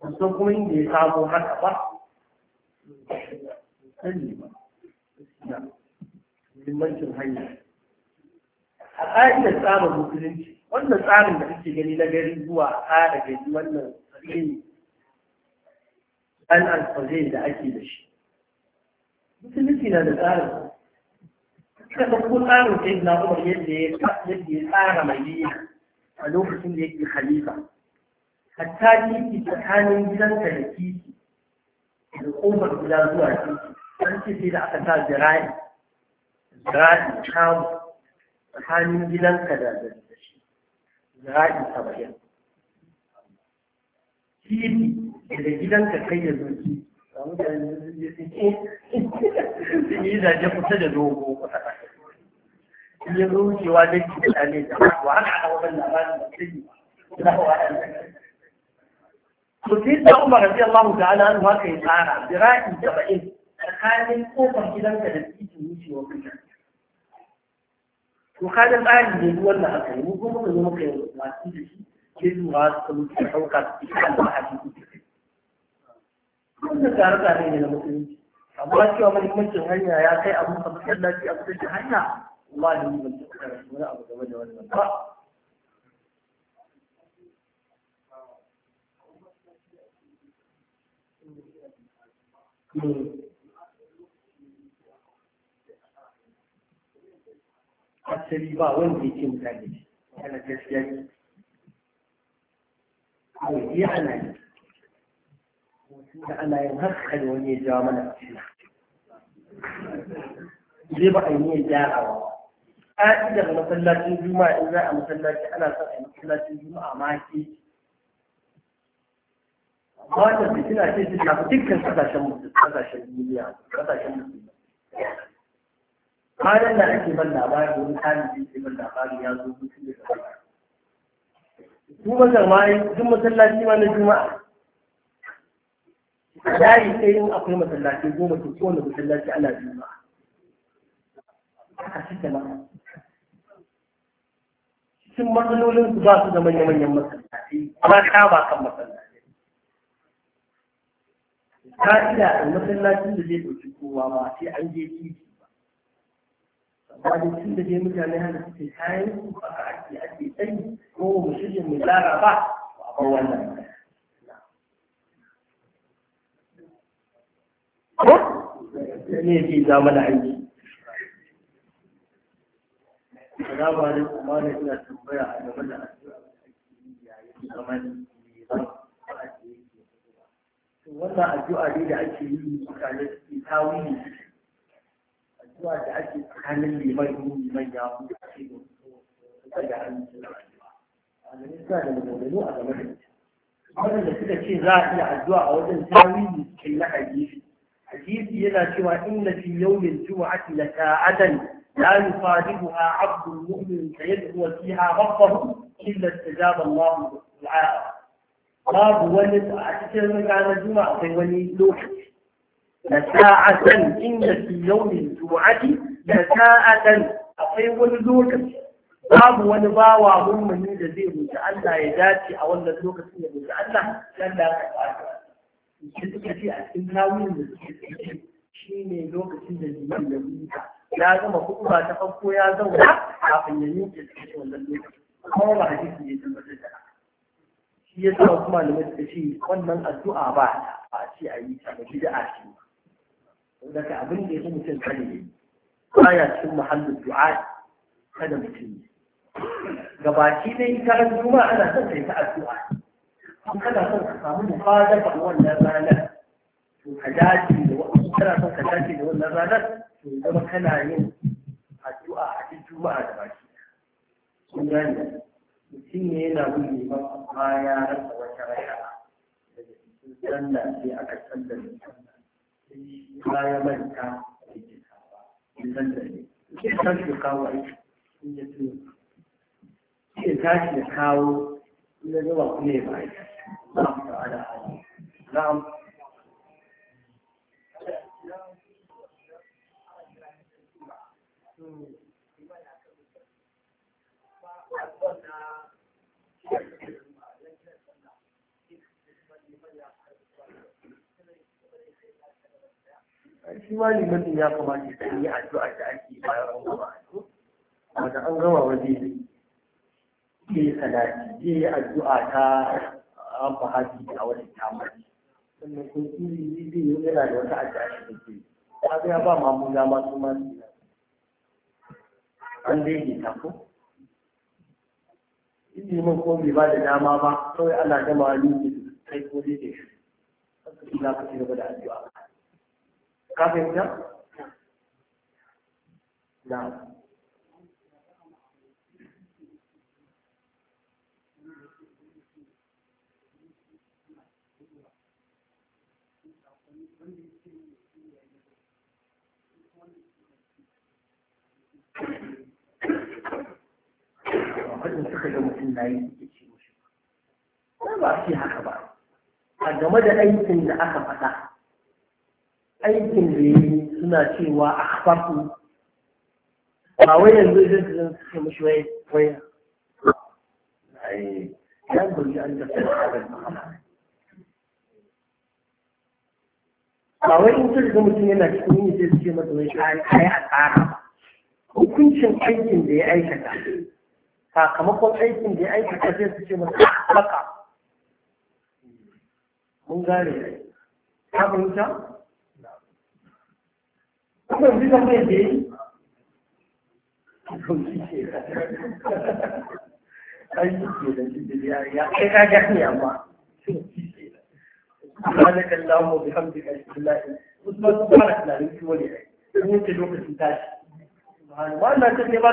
ban san kuma inda ya samo haka ba sani ba muhimmancin hanya a ƙa'idar tsarin musulunci wannan tsarin da kake gani na gari zuwa a ƙara gari wannan tsari ne ɗan alfazai da ake da shi musulunci na da tsarin ka ɗauko tsarin sai na umar yadda ya tsara mai biya a lokacin da yake khalifa hatta titi tsakanin gidansa da titi da kofar gida zuwa titi an ce sai da aka sa jira'i jira'i kamu tsakanin gidanka da da shi jira'i saba'in titi da gidanka kai da zuci ne yi zaje kusa da dogo kusa in yi zuciwa da ke da ne da wa haka aka wajen labarin da ke na waɗannan a sai da umar rabbi Allah ta'ala an haka ya tsara bira'i 70 tsakanin kofar gidanka da titin wucewa kusa to kadan tsari ne wannan haka ne mu kuma muka zo yi masu da shi ke zuwa su kuma su ɗauka su kan wannan tsare-tsare ne na amma cewa hanya ya kai abu ka masallaci a hanya ba da yi wani abu game da wannan ba hmm. asali ba wanda ya ce mutane yana gaskiya ne ana da ana yin haskali wani ya jawo mana fitina zai ba a yi niyyar gyarawa ƙa'idar masallacin juma'a in za a masallaci ana son a yi masallacin juma'a ma ke wannan fitina ce ta shafi dukkan kasashen musulmi kasashen duniya kasashen musulmi kwanan da ake ban labari wani talibi ke ban labari ya zo mutum da su mazar ma duk masallaci ma na juma'a layi sai in akwai masallaci goma to kowane masallaci ana juma'a haka suke maka cikin matsalolin su ba su da manya-manyan masallaci ba ka ba kan masallaci ka ila a masallacin da zai ɗauki kowa ba sai an je titi ba amma tun da dai mutane hana suke kayan su ba a ake ake tsayi ko mu shirya mu lara ba a bar wannan ne zai za mana aiki a addu'a wannan ne da ake yi suke addu'a da ake tsakanin liman a su suka da hannun addu'a ganin suna da a game da ita suka ce za a iya addu'a a wajen tawili cikin na حديثي يلا شوى إن في يوم الجمعة لساعة لا يصادفها عبد مؤمن فيدعو فيها ربه إلا استجاب الله تعالى باب ولد أحسن من على الجمعة في ولي لوح لساعة إن في يوم الجمعة لكاعة أخي ولدوك باب ونباوى هم من جزيره تعالى يداتي أولد لوك سنة تعالى تعالى تعالى sai suka ce a cikin tawilin da suke tsaye shi ne lokacin da liman ya wuta ya zama hudu ba ta farko ya zauna kafin ya yanke suka ce wannan lokacin kuma ba hadisi ne tabbatar da shi ya sa kuma malamai suka ce wannan addu'a ba a ce a yi ta ba bid'a ce daga abin da ya fi mutum kare ne baya cikin muhallin du'a kada mutum ne gabaki dai ita ran juma'a ana son ta yi ta addu'a in kana son ka samu mufadafan wannan ranar to ka dace da wannan kana son ka dace da wannan ranar to zama kana yin addu'a a duk juma'a da baki kun gane mutum ne yana bin neman amma ya rasa wata raya daga cikin sallah sai aka sallar da sallah sai ya manta da kitawa in sallar ne sai ka shi kawo aiki in ya tuno sai ya tashi ya kawo إذا جواب ليه معي نعم تعالى نعم shi ma ya kamata ta yi addu'a da ake bayan an gama wajen an gama waje ke yi salati zai addu'a ta rabba haji a wani tamar sannan kun iri zai yi yana da wata addu'a shi da ke kaga ya ba mamu dama su ma su an dai ne ta ko ilimin ko bai ba da dama ba kawai ana gama ni kai ko dai da shi ina ka ci gaba da addu'a ka fahimta na'am faɗin suka ga mutum na yi suke ce mushi ba ba shi haka ba a game da aikin da aka faɗa aikin da yi suna cewa a kafafu ba wai yanzu idan su zan suke mushi wai wai yan bari an da su ba wai in sun mutum yana cikin yin sai suke ce masa a yi a tsara hukuncin aikin da ya aikata sakamakon aikin da ya aiki sai su ce masa ah, baka mun gane ta fahimta kuma yanzu kan mai da yi aiki da shi ya kai ka gani amma سبحانك اللهم وبحمدك اشهد ان لا اله الا انت لا اله الا انت ولي ان انت لوكس ما